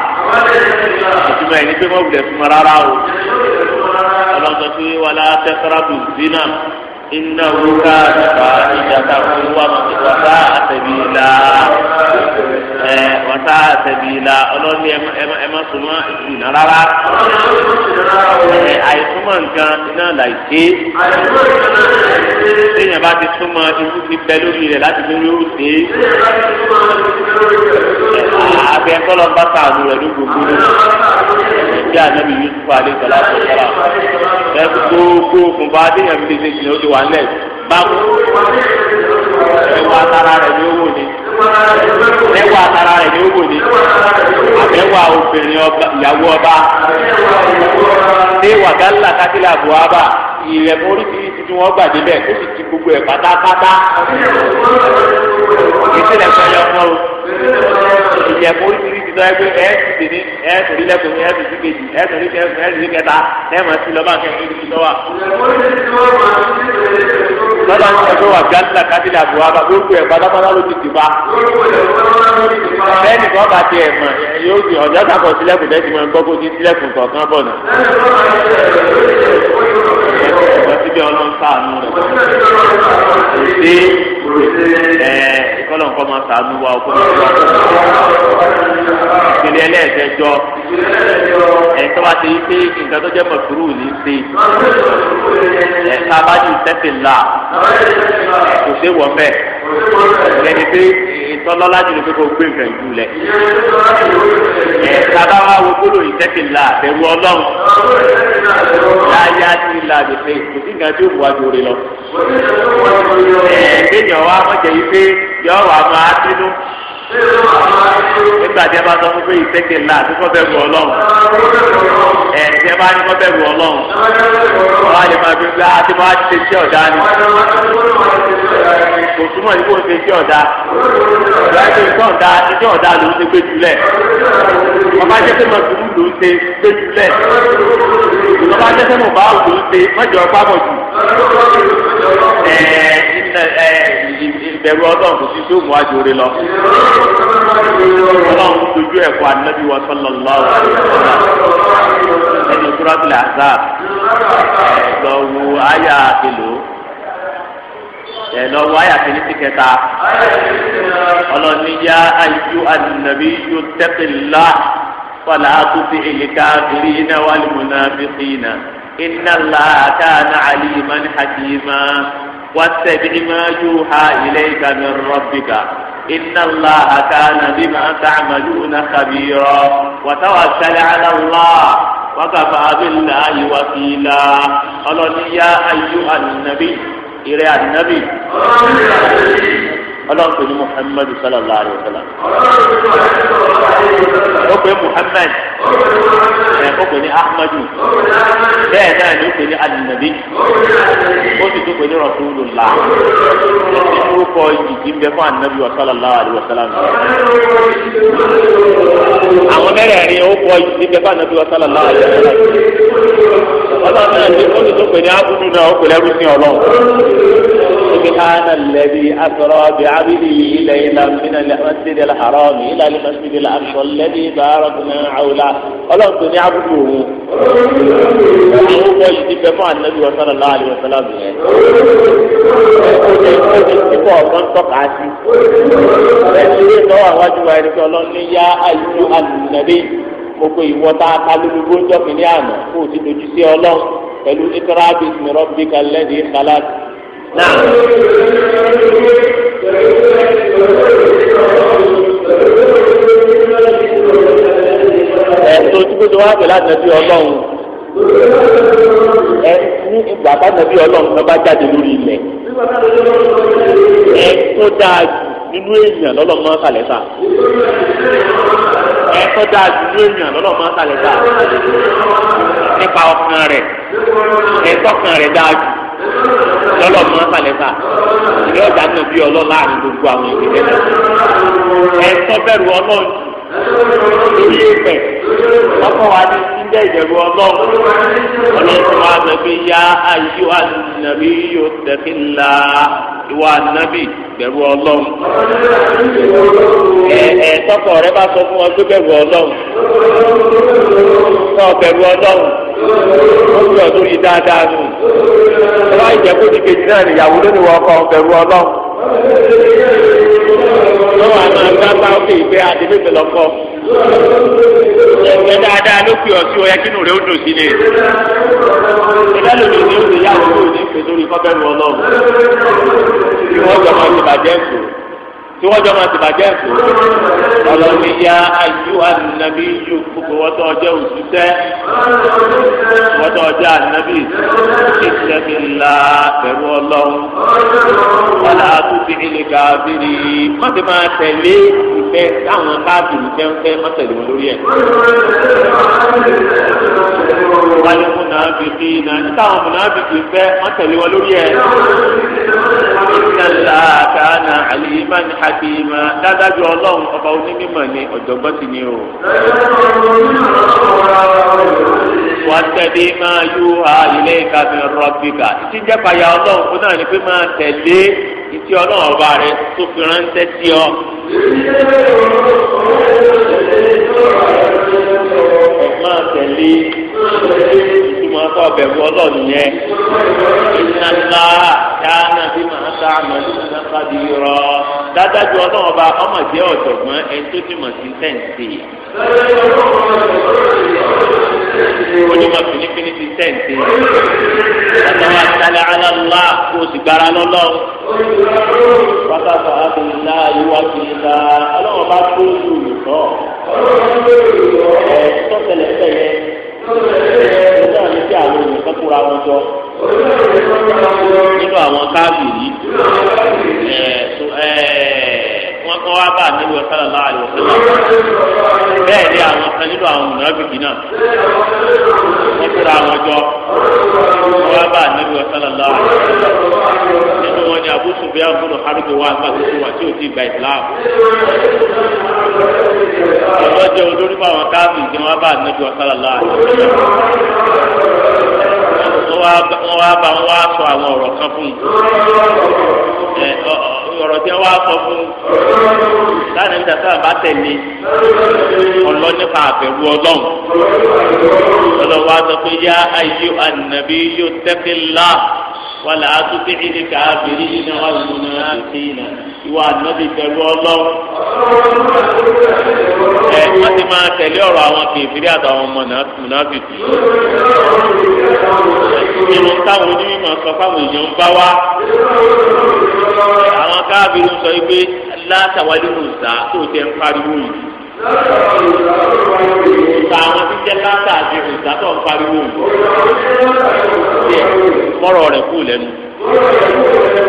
ìtumọ̀ ẹ̀ ní pé wọ́n zina. iná wúkà nípa ìjàkà fún wa wàtá àtẹ̀bíìlà ẹ wàtá àtẹ̀bíìlà ọlọ́ni ẹ má súnmọ́ ìdùnnà rárá ẹ àìsúnmọ́ nǹkan iná làìké téèyàn bá ti súnmọ́ ikú ti bẹ lórí rẹ̀ láti lórí òsè àfẹ́ tọ́lọ́ bá sàánú rẹ̀ ní gbogbo rẹ̀ bí ànábi Yusuf alẹ́ sọlá sọlá ẹ gbogbo òkun bá déyàn fi lè ṣe ti wà lẹ̀ báwo ẹwà tara rẹ̀ ni ó wò ni ẹwà tara rẹ̀ ni ó wò ni àbẹ̀wà obìnrin ìyàwó ọba ẹwà gálà kákìlà buhaba ìrẹ̀mọ oríṣiríṣi tí wọ́n gbà débẹ̀ ó sì ti gbogbo ẹ̀ pátápátá ìṣẹ̀lẹ̀ sọ̀yọ̀ fún ọ ìyẹn kó oríṣiríṣi tó ẹgbẹ́ ẹ ti tèmi ẹ torí lẹ́kọ̀ọ́ mi ẹ ti ti kejì ẹ torí kẹsàn ẹ ti ti kẹta ẹ máa ti lọ́ba kẹrin oríṣi lọ́wọ́. lọ́dọ̀ àwọn ọ̀dọ́ wa bí alẹ́ kábílẹ̀ àbúrò àbá gbogbo ẹ̀ pátápátá ló ti dìbà. bẹ́ẹ̀ni kọ́ bá tiẹ̀ mọ̀ yóò di ọ̀dọ́ àtàkọ̀ sílẹ̀kùn tẹ́sí mọ́ gbọ́gbó ti sílẹ̀kùn kọ̀ọ̀kan bọ̀ náà bí ọlọ́run ṣàánú rẹ̀ ṣe ẹ ìkọlọ̀ nǹkan máa ṣàánú wa ọkọ̀ nípa ìpele ẹlẹ́ẹ̀kẹjọ ẹ̀ka wa ti pé nǹkan tó jẹ́ mọ̀kúrú ní ṣe ẹ̀ka bá ní ìtẹ́sílà kò ṣe wọ̀ mẹ́ ẹ̀ka ni pé tọ́lọ́ láti lè fẹ́ kó gbé nǹkan ìlú lẹ̀. ẹ̀ sábà wá wo gbọ́dọ̀ ìtẹ́kìlá àbẹ̀wò ọlọ́run. láyá ti la àgbèfé kò sí nǹkan tí ó bu àjò rè lọ. ẹ̀ kéèyàn wá mọ̀jẹ̀ yìí pé yọ̀ wà máa bínú nígbà tí a bá sọ fún pé ìtẹ́kẹ̀ ńlá àti kọ́ bẹ̀rù ọlọ́run ẹ̀ tí a bá ní kọ́ bẹ̀rù ọlọ́run wọ́n á lè máa fi gbá àti ti ṣe sí ọ̀dá ni kò túmọ̀ ní kò ṣe tí ọ̀dà ìwádìí ìtọ́ ọ̀dà ìtọ́ ọ̀dà ló ń ṣe pé jùlẹ̀ ọba jẹ́sẹ̀ mọ̀ tùmù ló ń ṣe pé jùlẹ̀ ọba jẹ́sẹ̀ mọ̀ bá òun ló ń ṣe mọ̀jọ pápọ̀ jù ìbẹ̀rù ọlọ́run kò sí tó mú àjòrè lọ ọlọ́run dojú ẹ̀kọ́ ànábì wa sallallahu alaihi wasallam ẹni ìtura tilẹ̀ àṣà ẹ̀ lọ wo àyà kìlọ̀ ẹ̀nà ọwọ́ ayé àti ní kẹta ọlọ́ni yá ayú ànàbí yóò tẹ́tìlá fọlá àtúntì ìlíkà kiri iná wà lùmùnà bìkìnà iná làákà náà àlìmá ní hakìmá wàtẹ́bí má yóò ha ilé ìkànnì rọ́bìkà. إن الله كان بما تعملون خبيرا وتوكل على الله وكفى بالله وكيلا قال يا أيها النبي ìrẹ́ ànábì ọlọ́run pè ní muhammed sallallahu alayhi wa sallam ó pè muhammed ẹ̀ ó pè ní ahmadu bẹ́ẹ̀ náà ni ó pè ní alinabi ó sì tún pè ní rasulullah ẹ̀sìn orúkọ yìí ń bẹ fún anabi wa sallallahu alayhi wa sallam àwọn mẹ́rẹ̀ẹ̀rin ó kọ yìí ń bẹ fún anabi wa sallallahu alayhi wa náà ni ó sì tún pè ní abudu náà ó pè lẹ́rú sí ọlọ́run. سبحان الذي أسرى بعبده ليلا من المسجد الحرام إلى المسجد الأقصى الذي باركنا حوله ọlọ́run tó ní àbúrò òun àwọn ọmọ yìí ti bẹ fún ànábì ọ̀sán ọ̀la àlè ọ̀sán lábẹ́ yẹn. ọ̀sẹ̀ ìfọ̀sẹ̀ tí kò ọ̀gbọ́n tọ́ka sí. ẹ̀sìn yìí lọ́wọ́ àwájú wa ẹni pé ọlọ́run ní yá àyù ànàbí mo pe ìwọ tá a ká lórí gbóńjọ́ kìíní àná kó o ti dojú sí ọlọ́run pẹ̀lú ìtọ́ra bíi mìíràn bíi kalẹ́ náà. ẹ̀sùn tí kò tó wá pè láti nàbí ọlọ́run ẹ ní ìgbà bá nàbí ọlọ́run ló bá jáde lórí ilẹ̀ ẹ tó dáa nínú èèyàn lọ́lọ́ mọ́ kàlẹ́ sá ẹ tó dáa nínú èèyàn lọ́lọ́ mọ́ kàlẹ́ sá nípa ọkàn rẹ̀ ẹ tọkàn rẹ̀ dáa jù. lọ́lọ́ mọ́ sálẹ́fà ọjà náà bí ọlọ́lá àrùn gbogbo àwọn ìdílé náà ẹ sọ bẹ̀rù lórí ẹgbẹ́ ọkọ̀ wa ní síndẹ̀ ìbẹ̀rù ọlọ́run ọlọ́run wa sọ pé yá ayé wa nàbí yóò tẹ̀sí ńlá ìwà nàbí bẹ̀rù ọlọ́run ẹ ẹ tọkọ rẹ bá sọ fún ọ lórí ọdún yìí dáadáa nù ọlọ́ ìjẹ́kù ti kejì náà nìyàwó lónìí wọ́n kọ́ bẹ̀rù ọlọ́run lọ́wọ́ àmọ́ gbágbá òkè ìgbé adébẹ̀bẹ̀ lọ́kọ́ ẹ̀fẹ́ dáadáa ló pè ọ́ sí ọ yẹ kí nùrẹ́ ó dùn sí ni ìfẹ́ lòdì ní òde yàwó lòdì pé lórí kọ́ ọlọ́run ìwọ́n gbọ́dọ̀ ti bàjẹ́ kù tí wọ́n jọ máa ti bàjẹ́ ẹ̀kọ́ ọlọ́ni ya ayú ànábì yù gbogbo wọ́n tó ọjọ́ òṣìṣẹ́ wọ́n tó ọjọ́ ànábì ìṣẹ́bìlá pẹ̀lú ọlọ́run wọ́n á tún ti ilé káàbìrì wọ́n ti máa tẹ̀lé ìfẹ́ táwọn káàbìrì fẹ́ńfẹ́ wọ́n tẹ̀lé wọn lórí ẹ̀. wọ́n á lé múnàbìbí náà táwọn múnàbìbí fẹ́ wọ́n tẹ̀lé wọn lórí ẹ̀ ìnàlá kàánà àlìyémà ní hakìmá dádájú ọlọ́run ọba onímọ̀ ní ọ̀jọ̀gbọ́n ti ní o. wọ́n tẹ̀lé máa yú àlìlẹ́ ìkàmì rọ́bìkà ìtì jẹ́pàyà ọlọ́run fún náà ni pé máa tẹ̀lé ìtì ọlọ́run ọba rẹ tó fi ránṣẹ́ sí ọ. máa tẹ̀lé. ìtumọ̀ ọkọ ọbẹ̀ wọ ọlọ́ọ̀nù yẹn iná ńlá yánnà bí màá ta àmàlú iná fàdí rọ dádájú ọlọ́run ọba ọmọ jẹ́ ọ̀jọ̀gbọ́n ẹni tó ti mọ̀ sí ti kó o lọ́lọ́. ọlọ́run ọba tó lù lù ìlú náà ní àwọn èèyàn kan kóra wọn jọ nínú àwọn káàbì yìí kan wá bá nílùú ọ̀sálà láàrin ọ̀sálà bẹ́ẹ̀ ni àwọn kan nínú àwọn mùnàbìkì náà wọ́n kóra àwọn jọ wọ́n wá bá nílùú ọ̀sálà láàrin nínú wọn ni Abu Sufyan gbọ́dọ̀ arúgbó wa nígbà tuntun wa tí ò ti gba ìsìláàmù ọ̀dọ́ jẹ́ olórí fún àwọn káàmì tí wọ́n bá nílùú ọ̀sálà láàrin wọ́n wá bá wọn wá sọ àwọn ọ̀rọ̀ kan fún un ọ̀rọ̀ tí wọ́n á sọ fún láàrin níta sábà bá tẹ̀lé ọlọ́ nípa àbẹ̀rù ọlọ́run ọlọ́run wa sọ pé yá ayé ànàbí yóò tẹ́kílá wà láàtú tí ìdí káàbìrì iná wà lùnà àti iná ìwà ànábì bẹ̀rù ọlọ́run ẹ wọ́n ti máa tẹ̀lé ọ̀rọ̀ àwọn kèfìrí àtàwọn ọmọ mùnáfìkì irun táwọn onímọ̀ sọ fáwọn èèyàn ń bá wá àwọn káàbìrì ń sọ yìí pé látàwálé òòsà tó tẹ ń pariwo yìí. òòsà àwọn tí jẹ́ látà àti òòsà tó ń pariwo yìí. mọ́rọ̀ rẹ̀ kú lẹ́nu.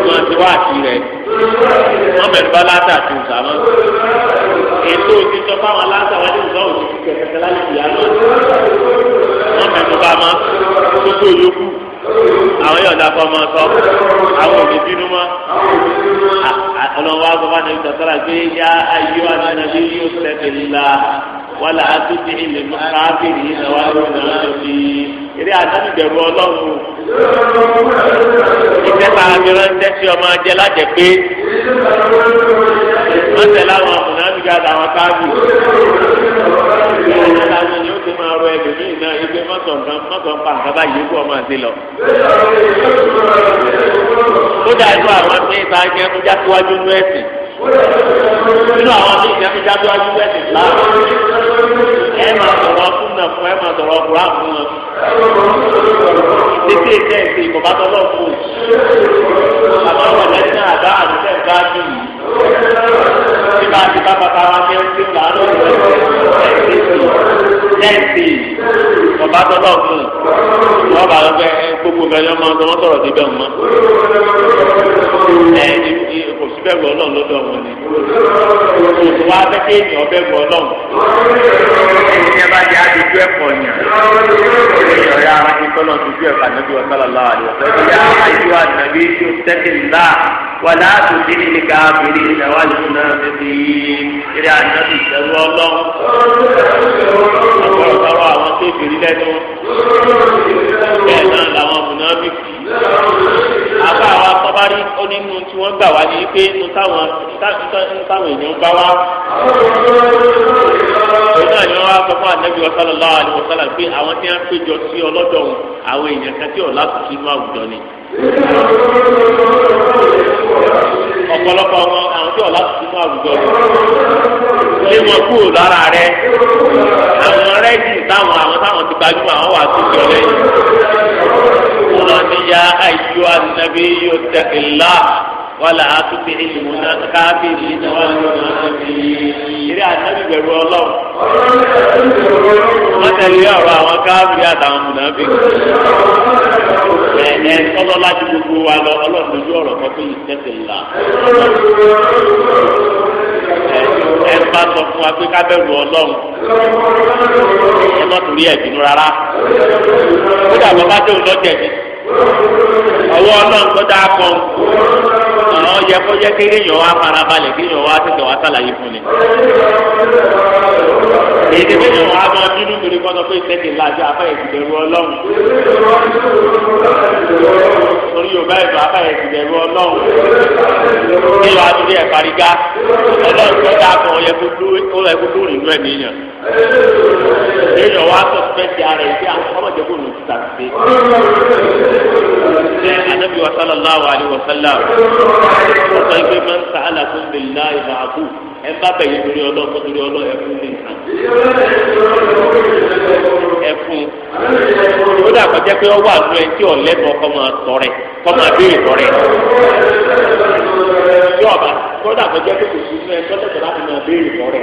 wọ́n ti wá àti rẹ̀. wọ́n bẹ̀rù bá látà àti òòsà mọ́. ètò òsì sọ fáwọn látàwálé òòsà òsì kẹ̀kẹ́ láti ìyá náà. wọ́n bẹ̀rù bá máa tó tó yókù. àwọn yọ̀ọ̀dà kan sọ àwọn òbí bínú máa gbé yá ayé wa ní ẹbí yóò tẹ̀lé la wàlá àtúntì ilé káfíìrì yìí wà lónìí lọ́dọ̀ bí eré àtàlù bẹ̀rù ọlọ́run. ìfẹ́ bá a yọrọ ń tẹ́sí ọmọ ajẹ́ lájẹ̀ pé wọ́n tẹ̀lé àwọn àmúnáfíà àtàwọn káàbù ìlànà yóò ti máa rọ ẹlòmíì náà ibi mọ́tò nǹkan mọ́tò nǹkan nǹkan báyìí kú ọmọ àti lọ. kódà inú àwọn tí ìta jẹ́ kó já nú ẹ̀sìn nínú àwọn akéèké ẹ̀mí dájú ajúgbẹ́ ti ta ẹ máa sọ̀rọ̀ fúnà fún ẹ máa sọ̀rọ̀ kúrò àfún wọn. títí ìjẹ́ ìpè ìkọ̀bá tọ́lọ̀ fún un. àbá ọ̀rẹ́ ní àbá àdúgbò ẹ̀ka bí yìí. bí bá a ti bá bàbá wa kẹ́ ń fi làánú ìwé ẹ̀ka bí yìí ẹ̀sìn ọba tọ́lọ̀ fún un ọba lọ fẹ́ gbogbo ìgbàlẹ́ ọmọ ọdún wọn sọ̀rọ̀ síbẹ̀ mọ́ ẹ kò síbẹ̀ gbọ́ ọlọ́run lọ́dọ̀ wọn ni kò tó wá fẹ́ kí èèyàn ọbẹ̀ gbọ́ ọlọ́run ènìyàn bá jẹ́ àdójú ẹ̀kọ́ yàn ènìyàn rẹ̀ ara ti tọ́lọ̀ dojú ẹ̀ka nàbí ọ̀sálàlá àdìọ̀sẹ́ bí a máa yọ ànàbí tó tẹ́kìlá wàlá àtúntì nínú káàbìrì ìdáwà lónà mẹ́bí eré ànàbì ìṣẹ́wọ́ ọlọ́run yóò sọ̀rọ̀ àwọn kébìrì lẹ́nu bẹ́ẹ̀ náà làwọn ọ̀nà bí kì í. àbá àwọn akọ́bárí onínú tí wọ́n gbà wá ní pé inú táwọn èèyàn bá wá. òun náà ni wọ́n wá sọ fún ànábì sallallahu alaihi wasallam pé àwọn tí wọ́n péjọ sí ọlọ́dọ̀ òun àwọn èèyàn kan tí ọ̀la kù sínú àwùjọ ni. ọ̀pọ̀lọpọ̀ àwọn tí ọ̀la kù sínú àwùjọ ni. lé wọn kúrò lára rẹ àwọn rẹ́dì táwọn àwọn táwọn ti gbajúmọ̀ àwọn wà tó jọ lẹ́yìn. wọ́n ní ya ayé wa yóò tẹ̀lé lá wàlà àtúntì ìlú náà káfíìnì náà wà lórí ọ̀nà bíi ìrírí ànábì bẹ̀rù ọlọ́run. wọ́n tẹ̀lé ọ̀rọ̀ àwọn káàbì àtàwọn mùnàbí. ẹ ẹ tọ́lọ́ láti gbogbo wa lọ ọlọ́run lójú ọ̀rọ̀ tó yìí ẹ bá sọ fún wa pé ká bẹ̀rù ọlọ́run ẹ má torí ẹ̀ bínú rárá kódà bàbá tó ń lọ jẹ̀bi ọwọ́ ọlọ́run tó dáa kọ́ àwọn yẹ kó yẹ kéèyàn wá farabalẹ̀ kéèyàn wá tètè wá sàlàyé fún ni èdè kéèyàn wá máa bínú kọ́tọ́ pé ìtẹ́kì lájọ afẹ́ ìdìbẹ̀rù ọlọ́run. torí yorùbá ẹ̀dùn afẹ́ ìdìbẹ̀rù ọlọ́run. kí ló adúlé ẹ̀ parigá ọlọ́run tó dáa kan ọ̀yẹ́ kó dúró nínú ẹ̀ níyàn. èèyàn wá sọ fẹ́ẹ̀tì ara ẹ̀ sí àwọn ọmọdé kò ní títà sí. ṣé anábì wa sallallahu alayhi wa sallam. wọ́n sọ pé máa ń sàálà tó ń bẹ̀ láì bá a kú ẹ bá bẹ̀yìn lórí ọlọ́kọ́ lórí ọlọ́ ẹ̀fún ní nǹkan. ẹ̀fún ó dà kọjá pé ọ wà lọ ẹ tí ọ̀lẹ́nu ọkọ máa tọrẹ kọ́ máa béèrè tọrẹ. yọ ọba tó dà kọjá pé kò sí ẹ tọ́lẹ̀tọ̀ láti máa béèrè tọrẹ.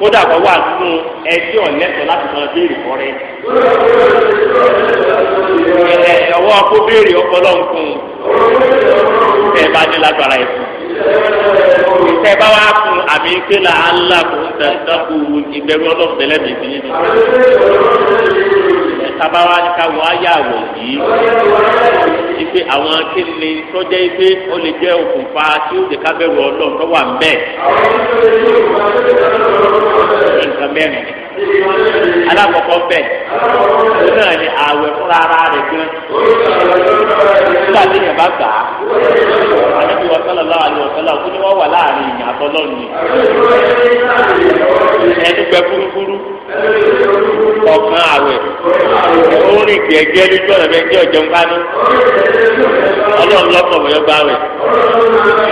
kódà kọ́ wà nínú ẹ tí ọ̀lẹ́tọ̀ láti máa béèrè tọrẹ. ọwọ́ kó béèrè ọpọlọ nǹkan tẹ bá dé lágbára yẹn fún tẹ bá wá fún àmì ìpínlẹ̀ aláàbò ń tẹ̀ dákú ìbẹ̀rù ọlọ́ọ̀bẹ̀lẹ̀ mi sí yín taba wa ni ka wọ́n ayé àwọ̀ yìí ipe àwọn akéwì tọ́jà ipe ó lè jẹ́ òkùnfà tí ó lè ká bẹ̀rù ọlọ́run tó wà ń bẹ̀. nǹkan mẹ́rin alákọ̀ọ́kọ́ bẹ̀ náà ni àwẹ̀ fúnra ara rẹ̀ gan. nígbà tí yẹn bá gbà á àdébí wọn sọlọ lọ́wọ́ àlè wọn sọlọ kó ní wọ́n wà láàrin ìyàtọ̀ lọ́nìí. ẹnu gbẹ kúrúkúrú. ọ̀kan àwẹ̀ orin gẹ̀ẹ́gẹ́ lójú ọ̀nà bẹ́ẹ̀ jẹ́ ọ̀jọ̀ ńkánú ọlọ́run lọ́kọ̀ wọ́n bá wẹ̀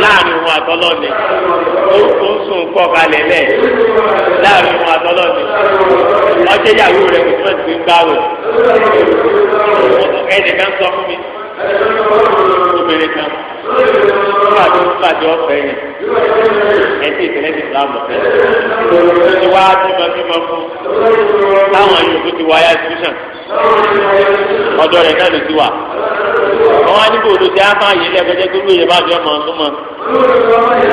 láàrin wọn àtọ́lọ́ni ó ń sùn kọ́ balẹ̀ lẹ̀ láàrin wọn ọjọ́ ìyàwó rẹ̀ kò tí wọ́n ti gbá wẹ̀ ẹnìkan sọ fún mi. obìnrin kan nígbà tó nígbà tí wọ́n fẹ́ yẹn ẹtí ìtẹ̀lẹ́ ti fìlà mọ̀ tó ti wá bímọ bímọ fún táwọn yòókù ti wáyà tuition ọ̀dọ̀ rẹ̀ náà ló ti wà àwọn àdìgbò olùdí á máa yẹ gbogbo ìyẹn bá fi ọmọ ọdún mọ́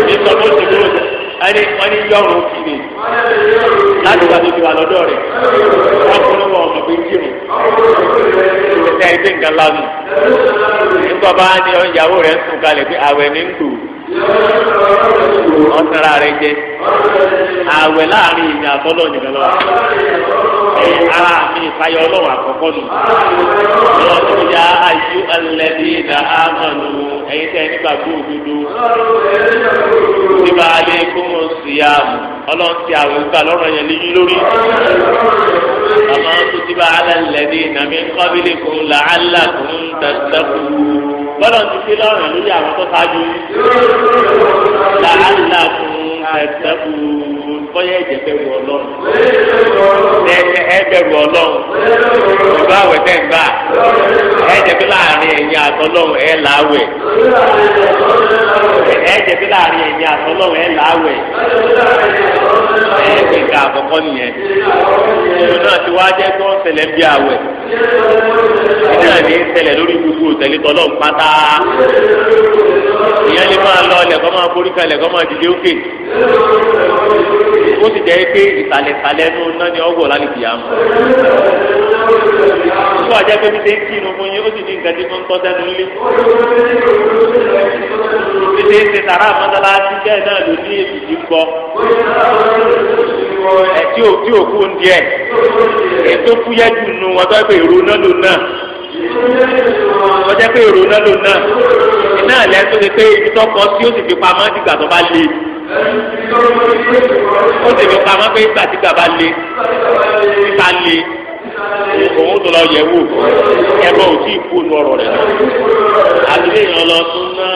ní sọ ti kúrò ẹni wọn ní yọrùn òkì ni láti gba tó ti wà lọ́dọ̀ rẹ̀ wọn kún wọn ọmọ bíi kírun ẹsẹ ẹgbẹ nǹkan lánàá nígbà bá ní ìyàwó rẹ̀ ń sùn kalẹ̀ pé àwẹ̀ ní ń gbòó ọ̀sára rẹ jẹ àwẹ̀ láàrin ìmì àtọ́lọ̀ nìkan lọ ẹ ara mi ìfayọ ọlọ́run àkọ́kọ́ nù lọ́wọ́ tó yá ayú ẹlẹ́dí ìdá ámàlú ẹ̀yin tẹ́ nígbà tó òdodo nígbà alẹ́ kó mọ̀ sí i àmù ọlọ́run ti àwẹ̀ gbà lọ́rọ̀ yẹn léyìn lórí àmọ́ tó ti bá alẹ́ lẹ́dí ìnàmí kọ́bílì kò ń là á là kò ń tẹ̀síọ́ kúrú. bọ́lá ti fi lọ́rùn lórí àwọn tó ṣáájú làálà fún ẹ̀sẹ̀kù bọ́yá ẹ̀jẹ̀ bẹ̀rù ọlọ́run ẹ̀bẹ̀rù ọlọ́run ìlú àwẹ̀ gbà ẹ̀jẹ̀ bí láàrin ẹ̀yìn àtọ́lọ́run ẹ̀ láwẹ̀ ẹ̀jẹ̀ bí láàrin ẹ̀yìn àtọ́lọ́run ẹ̀ láwẹ̀. ẹ̀ka àkọ́kọ́ nìyẹn ìlú náà ti wá jẹ́ kí wọ́n ṣẹlẹ̀ ń bí awẹ̀ ìdí náà ní ṣẹlẹ̀ lórí gbogbo òtẹ̀lẹ̀ tọ́lọ́ ń pátá ìyẹn lè máa lọ lẹ̀kọ́ máa borí kalẹ̀ kọ́ máa dìde òkè ó sì jẹ́ pé ìsàlẹ̀sàlẹ̀ nù náà ni ọ̀gbọ̀n lálẹ́ wà jẹ́ pé mi ṣe ń kí inú fún yín ó sì ní nǹkan tí mo ń tọ́ sẹ́nu ilé. mi ṣe ń ṣe sàrà àmọ́sálásí bẹ́ẹ̀ náà ló ní èbì yìí gbọ́. ẹ̀ tí ò tí ò kú ń díẹ̀ ètò fúyẹ́ jù nù wọ́n tọ́ pé èrò náà ló náà wọ́n jẹ́ pé èrò náà ló náà iná ẹ̀lẹ́ tó ṣe pé ibi tó kọ sí ó sì fi pamọ́ dìgbà tó bá le ó sì fi pamọ́ pé ìgbà tí gbà bá le títa le òun tó lọ yẹ wò ẹ̀rọ ò tí ì kó nu ọ̀rọ̀ rẹ̀ náà àdúgbò yẹn lọ tún ná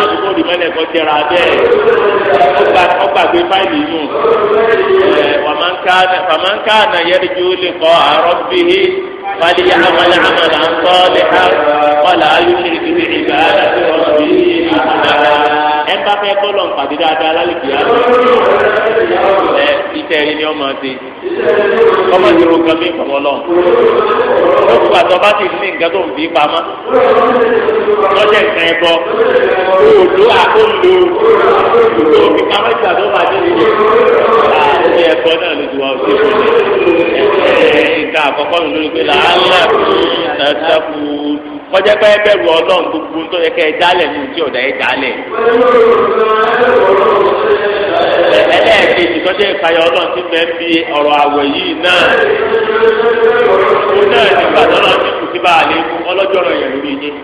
àdúgbò rẹ̀ mẹ́lẹ̀ kọ́ jẹra bẹ́ẹ̀ ọgbàgbé fáìlì nù fàmáńkà nà yẹ́rì ju lè kọ́ àárọ̀ bíi fàlì àmàlà àmàlà ń tọ́ lè ha wàlà ayé ṣe ìdílé ìgbà àdàtì ọ̀rọ̀ bíi àmàlà ẹ̀ ń bá fẹ́ bọ́lọ̀ ń pàdé dáadáa lálẹ́ kìí ìtẹ̀rí ni ọmọ ti ọmọ ti kami nǹkan mi pọ̀ lọ. lókùn àti ọba ti ní nǹkan tó ń fi pamọ́ lọ́jọ́ ìkan ẹ̀ bọ́ òòlù àkóńdó òòlù òbí pamọ́ ìgbà tó bá dé nílé àti ẹ̀kọ́ náà ló ti wá sí ìfọ̀lẹ́ nǹkan àkọ́kọ́ nù lórí pé làálà tàtàkù kọjá pé ẹ bẹ̀rù Ọlọ́run gbogbo tó yẹ kẹ́ ẹ dálẹ̀ nù tí ọ̀dà ẹ ẹlẹ́ẹ̀kejì tó ìpayọ̀ ọlọ́run ti mẹ́ ń ọ̀rọ̀ àwẹ̀ yìí náà ó náà nígbà sí ọlọ́jọ́ ọ̀rọ̀ lórí yín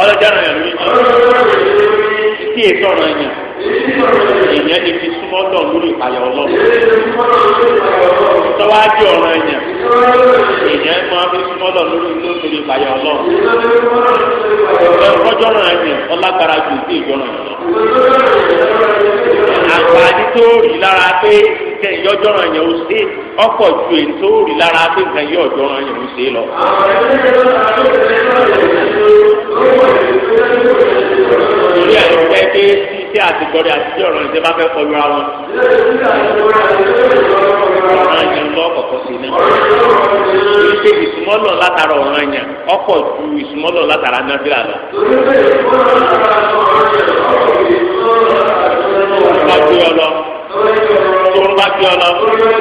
ọlọ́jọ́ ọ̀rọ̀ lórí yín kí èso ọ̀rọ̀ lè fi súnmọ́ lọ lórí ìpayọ̀ ọlọ́run tọ́wájú ọ̀rọ̀ yẹn èèyàn máa fi súnmọ́ lọ lórí ìpayọ̀ ọlọ́run ọjọ́ ọ̀rọ̀ ọlágbára ju àǹfààní tó rí lára pé nǹkan ìyọjọ́ràn yẹn ò ṣe ọ̀pọ̀ ju èyí tó rí lára pé nǹkan ìyọjọ́ràn yẹn ò ṣe lọ. torí ẹ̀ ló fẹ́ pé tí àtìgbọ́dẹ àtijọ́ ọ̀ràn ìṣe bá fẹ́ kọlu ara wọn. ọ̀ràn yẹn lọ kọ̀kọ́ sí náà. ṣé ìsúmọ́lọ̀ látara ọ̀ràn yẹn ọ̀pọ̀ ju ìsúmọ́lọ̀ látara náà bí gbé ọ lọ tó ń bá gbé ọ lọ àti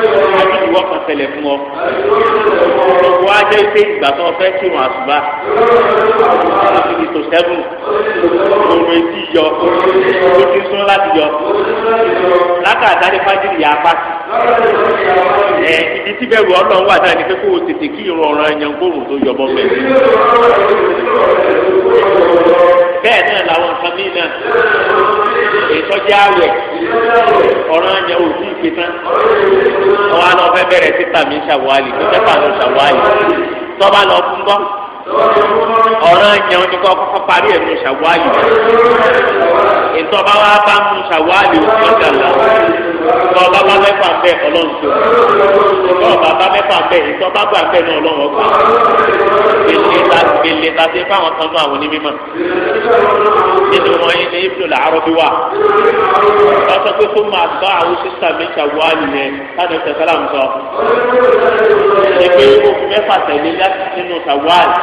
ìwọ kan tẹ́lẹ̀ fún ọ wọ́n á jẹ́ pé ìgbà tó fẹ́ kí wọn àṣùbà láti fi tò sẹ́fún òun etí yọ tó ti sún láti yọ látàdá ní fájìlì yà á pàṣẹ ẹ ibi tí bẹ́ẹ̀ wọ ọlọ́run wà dáa ni pé kó o tètè kí irun ọ̀ràn ẹ̀yàn gbòòrùn tó yọ bọ́ mẹ́rin bẹ́ẹ̀ náà làwọn nǹkan mí náà ìtọ́jú àwẹ̀ ọ̀ràn ànyà òsì ìpìtàn ọ̀hún àná ọ̀fẹ́ bẹ̀rẹ̀ títà mí ṣàwálì tó tẹ́fà lọ ṣàwálì tọ́ba lọ fún bọ́ ọ̀ràn ànyà òní kọ́ kọ́kọ́ parí ẹ̀ mú ṣàwálì ìtọ́ba wa bá ń ṣàwáàlì òkúta la ìtọ́ba bá mẹ́fà bẹ́ẹ̀ ọlọ́run tó ìtọ́ba bá mẹ́fà bẹ́ẹ̀ ìtọ́ba gbà bẹ́ẹ̀ náà ọlọ́run ọgbà gbèlè la gbèlè la ṣe fáwọn kan náà àwọn onímọ̀ nínú wọn yìí ní ibùdó làárọ̀ bí wà lọ́sọ̀ pé fún máa bá àwọn sísá mi ṣàwáàlì yẹn láti ọ̀sẹ̀ sálàmù sọ ìgbé oṣù mẹ́fà tẹ̀lé láti nínú ṣàwáàlì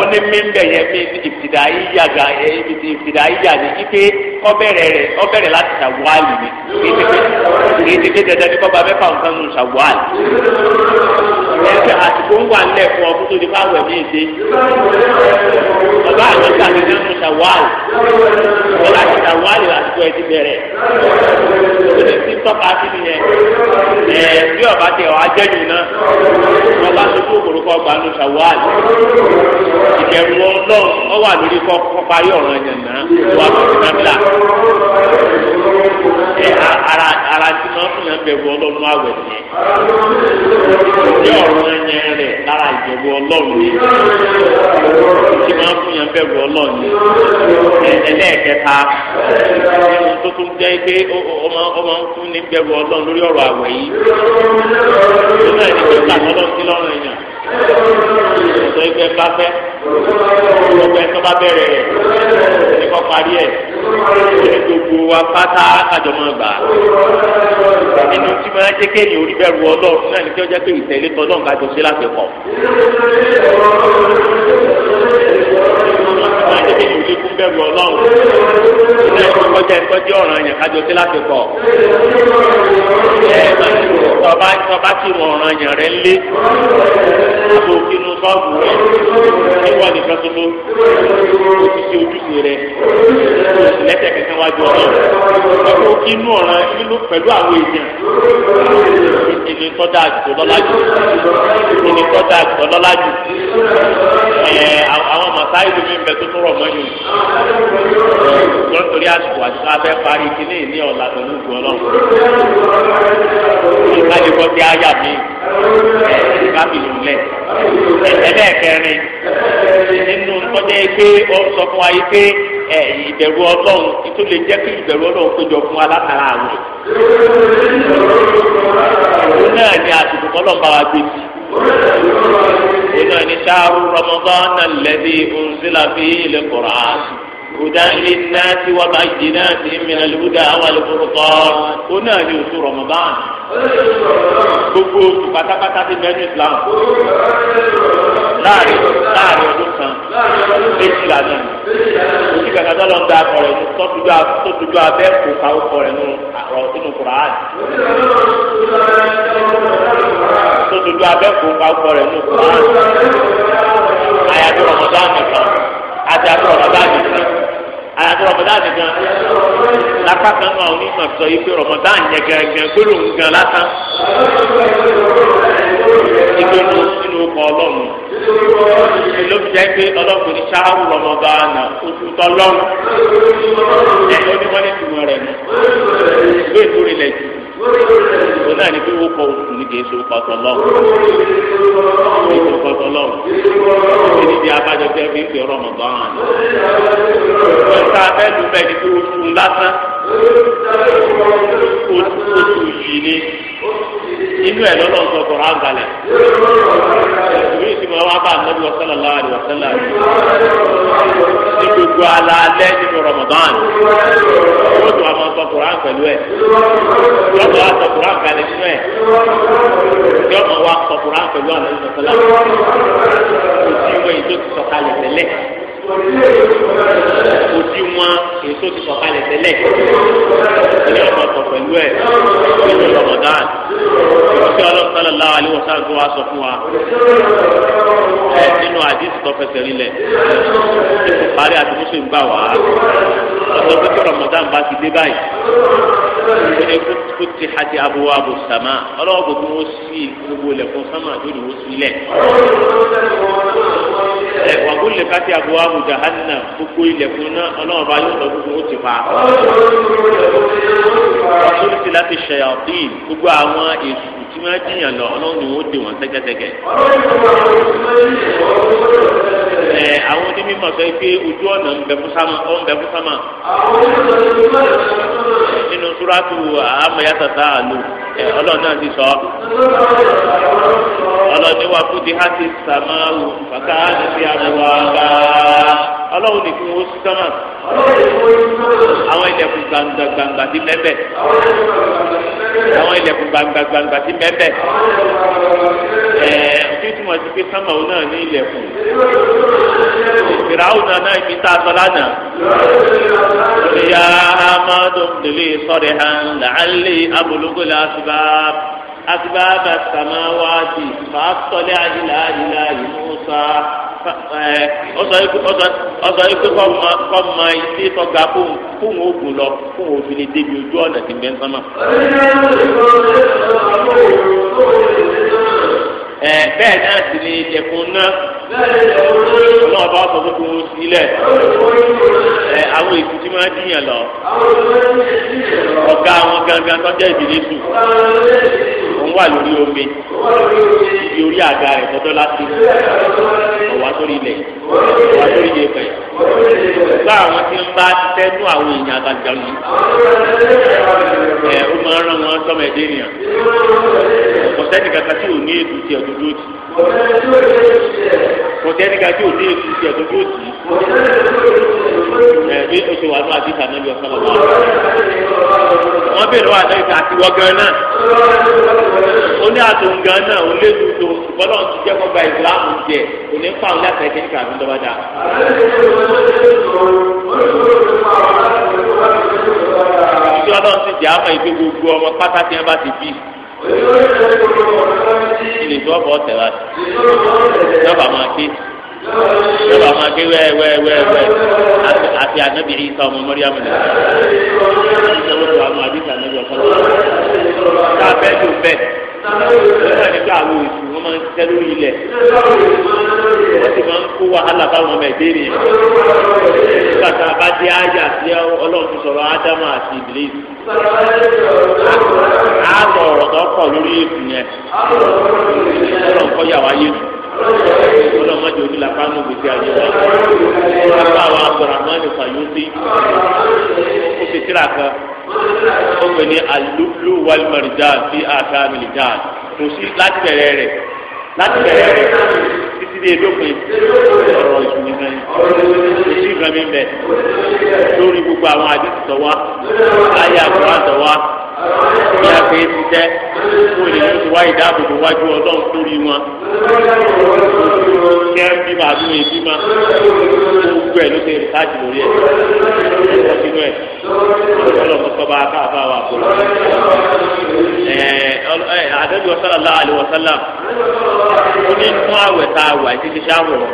ó ní mímbẹ̀ yẹn bí ìbìdá yíyàgà ìbìdá yí ìjà ní kíké ọbẹ̀rẹ̀ rẹ̀ ọbẹ̀rẹ̀ láti ṣàwọ́àlì ni kìí ti dandan ní kọ́ba mẹ́fà nǹkan nù ṣàwọ́àlì. ń wà nílẹ̀ fún mí àwọn ṣàwọ́àlì. láti ṣàwọ́àlì ti bẹ̀rẹ̀. tọ́ka sí mi yẹn. bí ọba ọ náà. ọba tó gbà nù ṣàwọ́àlì. ọ wà lórí ti wà lórí nàbílà ẹ ara ara ti máa fún yàn bẹ̀rù ọlọ́run àwẹ̀ yẹn ní ọ̀rọ̀ ẹ̀yẹ rẹ̀ lára ìbẹ̀rù ọlọ́run ni ti máa fún yàn bẹ̀rù ọlọ́run ni ẹlẹ́ẹ̀kẹta ẹnu tó tún jẹ́ pé ọmọ ọmọ ń fún ní bẹ̀rù ọlọ́run lórí ọ̀rọ̀ àwẹ̀ yìí ó náà ní kíkà ọlọ́run sí lọ́rùn èèyàn ìtọ́ ìgbẹ́ bá fẹ́ ọgbẹ́ tó bá bẹ̀rẹ̀ rẹ̀ parí ẹ̀ ẹ̀ gbogbo wa pátá kájọ máa gbà. nínú tí máa jẹ́ kéèyàn orí bẹ̀rù ọlọ́run náà ní kí wọ́n pé ìtẹ̀lé tọ́lọ́run kájọ sí láti kọ̀ máa tètè ju ikú bẹ̀rù ọlọ́run ilé ẹ̀kọ́ kọjá ẹ̀kọ́ jẹ́ ọ̀ràn yẹn kájọ sí láti kọ̀ tọba tọba ti mọ ọ̀ràn yẹn rẹ lé tó kínú sọ́ọ̀bù rẹ níwọ̀ nìkan tuntun kò sì ṣe ojúṣe rẹ lẹ́sẹ̀ kankan wájú ọ̀ràn tó kínú ọ̀ràn nínú pẹ̀lú àwọn èèyàn ìní tọ́jà àtìkò lọ́lájú ìní tọ́jà àtìkò lọ́lájú ẹ̀ àwọn àwọn màsáyì lómi ń bẹ tó tọrọ mọ yòó wọn torí àsìkò àti abẹ parí kíní ní ọ̀la pẹ̀lú ìgbọ́ ọlọ́run ìbájú kọ́ bí áyà mi ẹ̀ kábìlì lẹ̀ ẹlẹ́ẹ̀kẹrin nínú tọ́jú pé ó sọ fún wa yìí pé ẹ ìbẹ̀rù ọlọ́run tó lè jẹ́ kí ìbẹ̀rù ọlọ́run péjọ fún wa látara àwẹ̀ òun náà ni àsìkò ọlọ́run bá wa gbé sí nínú ẹni sáárù rọmọdán alẹ́bí òǹsílà fi ilẹ̀ kọ̀rọ̀ á. هدى للناس وبينات من الهدى والفرقان هنا ليوسف رمضان gbogbo pátápátá ti mẹ́nu islam láàrin láàrin ọdún kan méjìlá náà òsì kàkà tó lọ ń da akọ rẹ nù tọ́tùjú abẹ́ kò ká ọkọ rẹ nù àrọ̀ sínú kùrààdì tó dodo abẹ́kùn ká kọ rẹ̀ nù kúrán àyàtọ̀ rọ̀mọdán nìkan àtàtọ̀ rọ̀mọdán nìkan àyàtọ̀ rọ̀mọdán nìkan lápá kan náà onímọ̀ sọ yìí pé rọ̀mọdán yẹ gẹ́gẹ́ gbólóhùn gan látàn ìgbénu sínú ọkọ̀ ọlọ́run ló fi jẹ́ pé ọlọ́run ní sáárù rọ̀mọdán náà oṣù tọ́lọ́run ẹ̀ ló ní wọ́n ní tìmọ̀ rẹ̀ nù gbé ìtúrẹ̀ lẹ̀ jù òun náà ní pé ó kọ oṣù ní kìí ṣe ó kọtọ lọ́wọ́ kìí ṣe ó kọtọ lọ́wọ́ kìí ṣe abájọ tẹ́ fi ń pè ọ̀rọ̀ mọ̀gbọ́n hàn ní. ìgbésà abẹ́lú bẹ́ẹ̀ ni pé oṣù lásán oṣù yìí ni inú ẹ̀ lọ́nà sọ kọ̀ọ̀rọ̀ àgbàlẹ̀ ìwé tí mo wá bá ànábi wàsálà láàrin wàsálà ní gbogbo alaalẹ́ nínú Ramadan yóò tó àwọn sọ kọ̀ọ̀rọ̀ àgbẹ̀lú ẹ̀ yóò tó àwọn sọ kọ̀ọ̀rọ̀ àgbàlẹ̀ nínú ẹ̀ yóò mọ̀ wá sọ kọ̀ọ̀rọ̀ àgbẹ̀lú ànábi wàsálà kò sí ìwé ìjọ ti sọ̀kalẹ̀ tẹ́lẹ̀ sí wọn èso ti sọ kalẹ̀ tẹ́lẹ̀ ìyá ọmọ sọ pẹ̀lú ẹ̀ nínú rọmọdán ìrọsí ọlọpàá lọ àlẹ wọn sáré tó wá sọ fún wa ẹ nínú àdìsí tó fẹsẹ̀ rinlẹ̀ ètò parí àti mùsùlùmí gbà wá ọsọ pé kí rọmọdán bá ti dé báyìí ìpínlẹ̀ kùtì àti abúwá abò sàmà ọlọ́wọ́ gbogbo wọn sí gbogbo ilẹ̀kùn sàmà tó ní wọn sílẹ̀ ẹ wà kó lè káti àbò àbò jahanna gbogbo ilẹ̀kùn náà ọlọ́run bá yóò lọ gbogbo ó ti pa. ọlọ́run ti láti ṣẹ̀yà ọ̀dín gbogbo àwọn èsù tí wọ́n jiyàn lọ ọlọ́run ni wọ́n dè wọ́n sẹ́kẹ́sẹ́kẹ́. ẹ àwọn onímọ̀ sọ pé ojú ọ̀nà ń bẹ fún sámà ọ̀ ń bẹ fún sámà. nínú súrátù àmọ̀yá tàtà àlò ọlọ́run náà ti sọ ọlọ́run wa fúdi á ti sàmà wù kàkà á ti fi àbúrò àgbà nìkú wo sí sọ́mà àwọn ìdẹ̀kùn gbàǹgbàǹgbà ti mẹ́bẹ̀. àwọn ilẹ̀kùn gbangba gbangba ti bẹ́ẹ̀ ẹ̀ẹ́ kí túmọ̀ sí pé sámàwó náà ní ilẹ̀kùn ìfìràwọ̀ náà náà ìfi tá a sọ lánàá ìyá amadu lèlè sọ̀rọ̀ hàn làálẹ̀ abúlógó la asibá asibá bàtàmáwá di fàá sọlẹ̀ àdìlà àdìlà yìí. musa ẹ ọsọ yìí pé kọ́ ma ìdí tọ́ga fóun fóun ó gùn lọ fóun ò fi lè débi ojú ọ̀nà tí bẹ́ẹ̀ sánmà. ẹ bẹ́ẹ̀ náà sì ni ìjẹ̀kùn náà ọlọ́run bá sọ fún fún sílẹ̀ ẹ àwọn èsì tí máa dìyàn lọ ọ̀gá àwọn gangan tọ́jà ìbílẹ̀ sùn òun wà lórí omi ibi orí àga rẹ̀ tọ́jọ́ láti ọ̀wá sórí ilẹ̀ ọ̀wá sórí ilẹ̀ pẹ̀ gbá àwọn tí ń bá tẹ́nu àwọn èèyàn àgbàjọ yìí ẹ̀ ó máa ń rán wọn sọ́mọ ẹ̀dẹ́ ènìyàn kọ̀tẹ́nì kankan tí ò ní ètò tí ẹ̀ dúdú tì kọ̀tẹ́nì kankan tí ò ní ètò tí ẹ̀ dúdú tì ẹ̀ bí oṣù wà ní àdìsá náà yọ sọ́mọ wọn. bèrè wà lẹ́yìn àtiwọ́ gan náà ó ní àtúngà náà ó lé lùdò bọ́lá ti jẹ́ kó gba ìsìlámù jẹ kò ní fà wọn láti ẹ̀kẹ́ níkà tó bá dà. ìjọ náà ti jẹ́ àmọ́ ìgbé gbogbo ọmọ pátá tí wọ́n bá ti bí. ìlè tó ọ̀bọ̀ ọ̀tẹ̀ láti. ìjọba máa ké. yóò bá máa ké wẹ́ẹ́wẹ́ẹ́wẹ́ àti ànábì ìsọ ọmọ a bẹ́ẹ̀ tó bẹ́ẹ̀ nígbà nígbà àwọn oṣù wọn máa ń ṣiṣẹ́ lórí ilẹ̀ sì máa ń kó wàhálà báwọn ọmọ nígbà tá a bá dé ọlọ́run sọ̀rọ̀ ádámù àti tó kọ̀ lórí yẹn ọlọ́run kọ́ yà ọlọ́mọdé onílà fánú gbèsè ayé wa ọlọ́mọdé àwọn abdulrahman fayose ó ti tíra kan ó pè ní alúlú wàlúmọ̀rìjà sí àtàmìlìjà kò sí láti bẹ̀rẹ̀ rẹ̀ láti bẹ̀rẹ̀ rẹ̀ títí dé dópin ọ̀rọ̀ ìṣúná náà kò sí ìgbà mi lórí gbogbo àwọn àdìsí tọ́wá ayé àgbọ̀rá tọ́wá. ní afẹ́ ṣiṣẹ́ kó lè ní ti wá ìdáàbòbò wájú ọlọ́run lórí wọn kẹ́ bí màá lóye ma gbogbo ẹ̀ ló ṣe ìtajà lórí ẹ̀ ẹ̀kọ́ sínú ẹ̀ ọlọ́run kọ́ bá wa kó lọ. àdébí ọ̀sán aláwọ̀ ó ní fún àwẹ̀ tá a wà títí ọlọ́run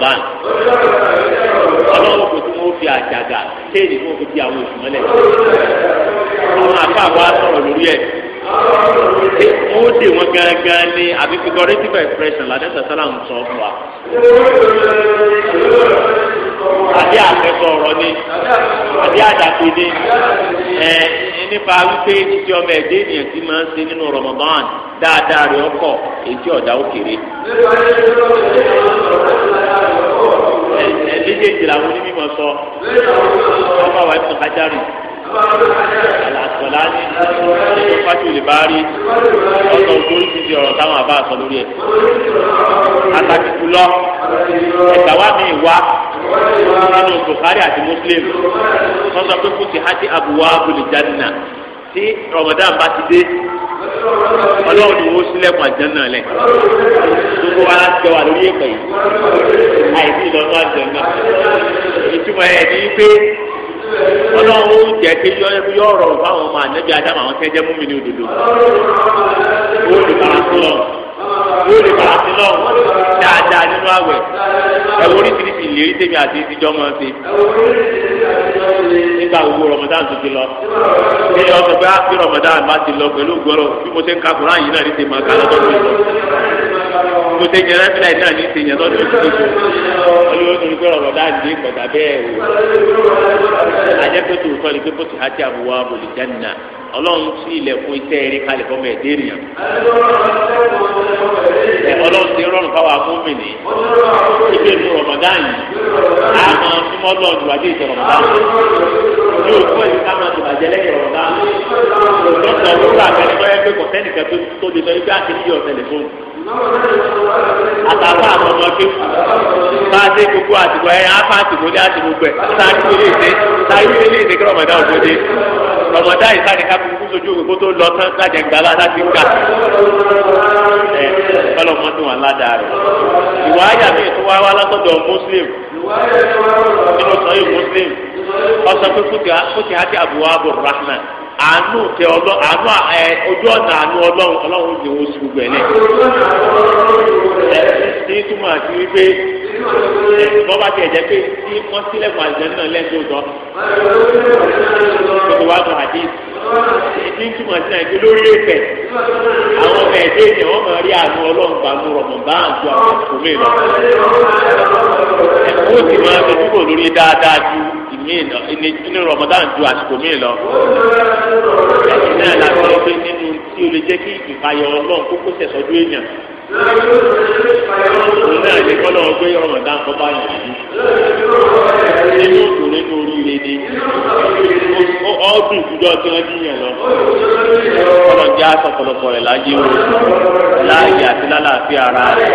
kò tún fi àjàgà kéèdè fún àwọn òṣùmọ́lẹ̀. àwọn àfa wa sọ̀rọ̀ lórí ẹ̀ ó dè wọn gangan ni àbí figurative expression làdé sàtàlà ń sọ fún wa. àdé àfẹsọ ọ̀rọ̀ ni àdé àdàpè ni ẹ nípa wípé títí ọmọ ẹ̀dẹ́ ènìyàn ti máa ń ṣe nínú Ramadan dáadáa rẹ̀ ọkọ̀ ètí ọ̀dà òkèrè méjèèjì làwọn onímọ̀ sọ ọba wa ẹ̀fọn kájárì àlàkọ̀lá ní ọdún pàtó lè bá rí ọ̀sọ̀ ògbóni ti di ọ̀rọ̀ táwọn àbá sọ lórí ẹ̀. àtàkì jùlọ ẹ̀gbà wa mi wá nínú Bukhari àti Muslim wọ́n sọ pé kò sí hati abuwa abúlé jannah tí Ramadan bá ti dé ọlọ́run ni wọ́n sílẹ̀kùn àjẹ́nà lẹ̀ gbogbo wa láti jọ lórí ẹ̀pẹ̀ yìí àìsí ìlọ́nà àjẹ́nà ìtumọ̀ ẹ̀ ní pé ọlọ́run ó jẹ́ pé yọ ọ̀rọ̀ fáwọn ọmọ ànábì adáma àwọn tẹ́jẹ́ mú mi ní òdodo ó lọ dáadáa nínú àwẹ̀ ẹ̀wọ̀n oríṣiríṣi ìlérí tèmi àti ìtijọ́ mọ́ sí nígbà gbogbo rọmọdán tó ti lọ ní ọ̀sẹ̀ pé á fi rọmọdán bá ti lọ pẹ̀lú gbọ́rọ̀ bí mo ṣe ń ka kúrán yìí ní tèmi àkàlọ́ tó ti lọ gbogbo tẹ̀yẹ rẹ́pìlẹ̀ náà ní tẹ̀yẹ lọ́dún tó tó olówó tó ní pé ọ̀rọ̀ náà ní ìkọ̀tà bẹ́ẹ̀ o ajẹ́pẹ́ tó sọ ni pé bó ti hàtí àbúwá bòlì jẹ́nìnà ọlọ́run sí ilẹ̀kùn iṣẹ́ eré kalẹ̀ fọmọ ẹ̀dẹ́ ènìyàn ọlọ́run ti rọrùn fáwọn amúmìnì ìgbésùn rọmọdán yìí àmọ́ mímọ́ lọ́ọ̀dù àdéhìí rọmọdán yìí ní òkú ẹ̀yìn ká máa tòbàjẹ́ lẹ́yìn ọ̀rọ̀ náà lọ́sọ̀ lórí àgbẹ̀ tó yẹ pé kò sẹ́nìkan tó lè sọ pé àkìní yọ tẹlifóònù. àtàwọn àwọn ọmọ kí bá a dé gbogbo àtìgbò ẹ̀ á bá àtìgbò ní àtìgbò gbẹ̀ sáré ilé ìdè sáré ilé ìdè kí rọmọdá òjò dé rọmọdá yìí sáré ká kúkú sójú òwe kó tó lọ tán lájẹ gbàlá láti ká ẹ kọlọmọdún aládàá rẹ ìwà ayà mi tó wá wá látọ̀dọ̀ muslim nínú sọ yìí muslim ọsọ pé kùtì àti àbúwá bò rahman àánú tẹ ọlọ àánú ẹ ojú ọ̀nà àánú ọlọ́run ọlọ́run ò wọ́n sùn gbẹ̀lẹ́. ẹ ti túmọ̀ àti wípé. bọ́ba tiẹ̀ jẹ́ pé tí wọ́n sílẹ̀kùn àjẹmọ́ náà lẹ́nu tó tọ́ tó wá tó àdé ìdí ń túmọ̀ sí àìpé lórí ẹ̀fẹ̀ àwọn ọmọ ẹ̀dẹ́ ni wọ́n máa rí àánú ọlọ́run gbàmú rọ̀mọ̀ bá àǹtó àwọn ìfòmí lọ. ẹ̀kọ́ sì máa fi túbọ̀ lórí dáadáa ju ìní rọ̀mọ̀dá ju àsìkò mí lọ. ẹ̀sìn náà la sọ pé nínú tí o òun náà ní kọ́ lọ́wọ́ pé Ramadan kọ́ bá yàn yìí. nínú òkú nínú oríire ni ọdún ìkújọ tí wọ́n díyàn lọ. ọ̀rọ̀ jẹ́ àtọ̀pọ̀lọpọ̀ rẹ̀ láyé o láàyè àti lálàáfíà ara rẹ̀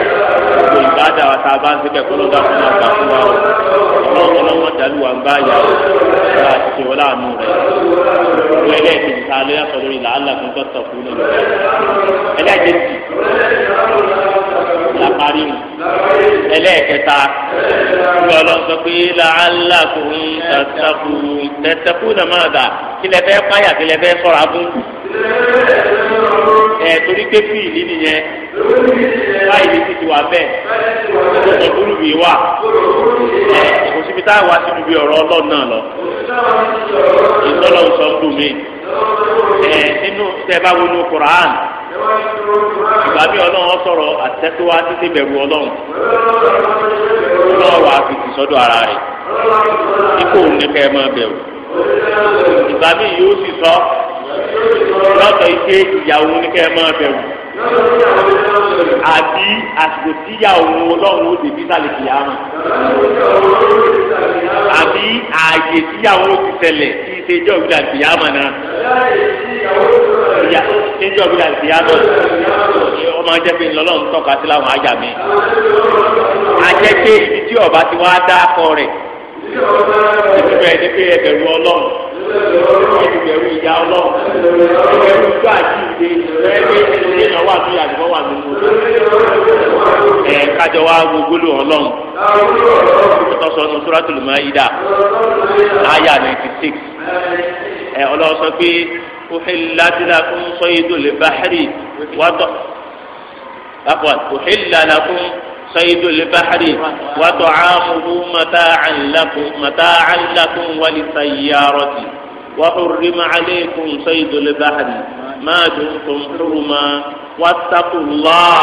gbogbo ìbáda wa tá a bá ń síbẹ̀ kọ́ lọ́dọ̀ fún àgbà fún wa o. ọlọ́run ọlọ́run dàlú wa ń bá yà o ọ̀rọ̀ àti tèwọ́ láàánú rẹ̀. ìwé ẹlẹ́ẹ̀kejì ta lóyàtọ̀ lórí làálàá fún tọ́tọ̀ fún ẹlẹ́ẹ̀kejì parí mu ẹlẹ́ẹ̀kẹta ìwọ ọlọ́sọ pé làálàkùn tàtàkù tẹ̀tẹ̀kù náà máa dà kílẹ̀ fẹ́ páyà kílẹ̀ fẹ́ sọ̀rọ̀ abú ẹ̀ torí pé fíìlì nìyẹn fáìlì ti ti wà bẹ́ẹ̀ ọ̀sọ̀ búrú bìí wà ẹ̀ kò síbi tá a wá síbi bí ọ̀rọ̀ ọlọ́run náà lọ ìtọ́lọ́sọ̀ ń dùn mí ẹ̀ nínú tẹ́ bá wọnú Kùránì ìgbà mi ọlọ́run sọ̀rọ̀ àtẹ́tọ́wá títí bẹ̀rù ọlọ́run ọlọ́run wà fìtì sọ́dọ̀ ara rẹ̀ ikú òun ní kẹ́ ẹ máa bẹ̀rù ìgbà mi yóò sì sọ lọ́sọ̀ ike ìyàwó ní kẹ́ ẹ máa bẹ̀rù àbí àsìkò tí ìyàwó ọlọ́run ó dèbí sálẹ̀ kìyà mọ̀ àbí ààyè tí ìyàwó ti ṣẹlẹ̀ tí ìṣèjọ́ ìgbà kìyà náà. níjọ́ bí láti yá lọ ọmọ jẹ́ pé ńlọ́lọ́run tọ́ka sí láwọn ajá mi. ajẹ́ pé ibi tí ọba ti wá dá akọ rẹ̀ pé ọlọ́run ìyá ọlọ́run ìjọ wà àdìgbọ́ wà ẹ ọlọ́wọ́ sọ pé uhillat lakum saydul bahri wàtọ̀ bákan uhillat lakum saydul bahri wa ta'amuhu mata'an lakum mata'an lakum wa lis-sayyarati wa hurrima alaykum saydul bahri ma dumtum huruma wattaqullah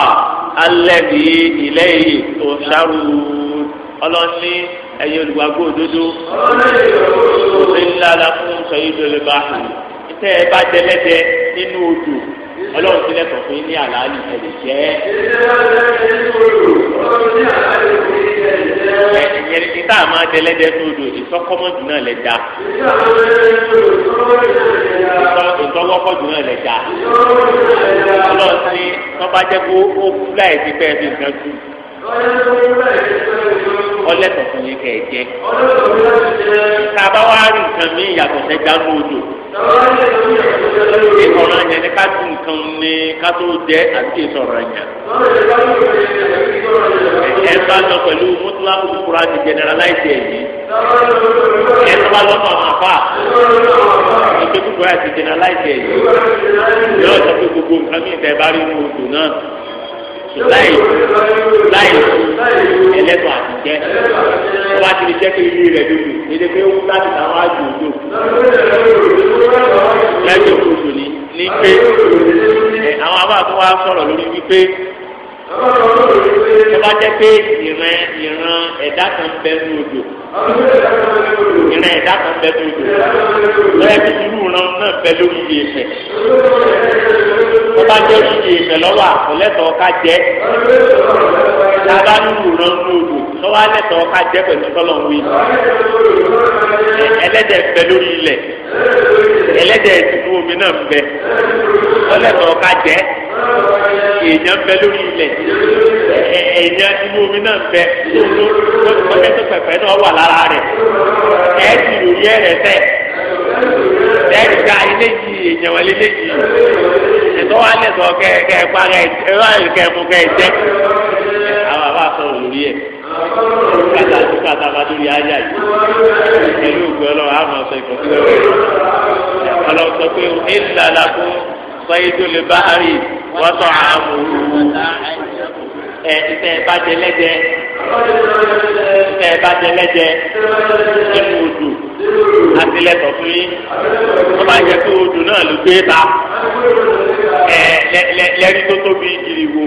alladhi ilayhi tuhsharun ọlọ́ni ẹ̀yin olùgbàgbọ́ òdodo òde ńlá la fún sọyìn lórí bá hàn tẹ ẹ bá dẹlẹdẹ nínú odò Ọlọ́run ti lẹtọ fún yín ní àlàálì ẹlẹ jẹ ẹyìn ẹni tá a máa dẹlẹdẹ nínú odò ìsọkọmọdù náà lẹ dá ìsọwọkọdù náà lẹ dá Ọlọ́run ti tọ́ba jẹ́ kó ó kú láì ti pẹ́ẹ́ fi nǹkan dùn ọlẹ́tọ̀ fún yín kẹ́ jẹ́ tàbá rí nǹkan mi ìyàtọ̀ sẹ́jà ń lòdò ìkọ̀rọ̀ yẹn ni ká tún nǹkan ní ká tó jẹ́ àti ìsọ̀rọ̀ yẹn ẹ bá lọ pẹ̀lú mọ́tòláàbù kúkúrú àti jẹnẹraláìsì ẹ̀yìn ẹ bá lọ pọ̀ àmàfà ìgbẹ́ àti jẹnẹraláìsì ẹ̀yìn yóò sọ pé gbogbo nǹkan mi ìtẹ̀ bá rí ní náà láì láì ẹlẹ́tọ̀ àti jẹ́ wọ́n bá ti di jẹ́ pé ilé rẹ̀ dúdú ilé pé ó láti táwọn àjò òjò lẹ́jọ́ kóso ni ní pé àwọn abáàbọ̀ sọ̀rọ̀ lórí wípé tó bá jẹ́ pé ìran ìran ẹ̀dá kan bẹ ní odò ìran ẹ̀dá kan bẹ ní odò lọ́yẹ̀ tí irú ìran náà bẹ lórí iye ìfẹ́ tó bá jẹ́ orí iye ìfẹ́ lọ́wọ́ àkọlẹ́tọ̀ ká jẹ́ tá a bá ní ìran ní odò lọ́wọ́ alẹ́tọ̀ ká jẹ́ pẹ̀lú tọ́lọ́wé ẹlẹ́dẹ̀ bẹ lórí ilẹ̀ ẹlẹ́dẹ̀ ìdúró omi náà bẹ lẹ́tọ̀ọ́ ká jẹ́ èèyàn bẹ lórí ilẹ̀ èèyàn inú omi náà bẹ lọ́jọ́ tó pẹ̀pẹ́ náà wà lára rẹ̀ ẹ̀ ti ròyìn ẹ̀rẹ̀ tẹ̀ ẹ̀ ti gba eléyìí èèyàn wọlé léyìí ẹ̀tọ́ wa lẹ́tọ̀ọ́ kẹ́ kẹ́ pa kẹ́ ẹ̀ wá kẹ́ mú kẹ́ jẹ́ àwọn àbá sọ̀rọ̀ lórí ẹ̀ kata ti kata ma lórí ayé àyè pẹ̀lú ògbẹ́ ọlọ́run àmọ̀ ọ̀sẹ̀ ìkọ̀sílẹ̀ ọlọ́run sọ صيد البحر وطعامه ìfẹ́ bá jẹ lẹ́jẹ ìfẹ́ bá jẹ lẹ́jẹ nínú odò àtìlẹ́tọ̀ fún yín wọ́n bá jẹ pé odò náà ló gbé ta lẹ́rí tó tóbi ìrìwò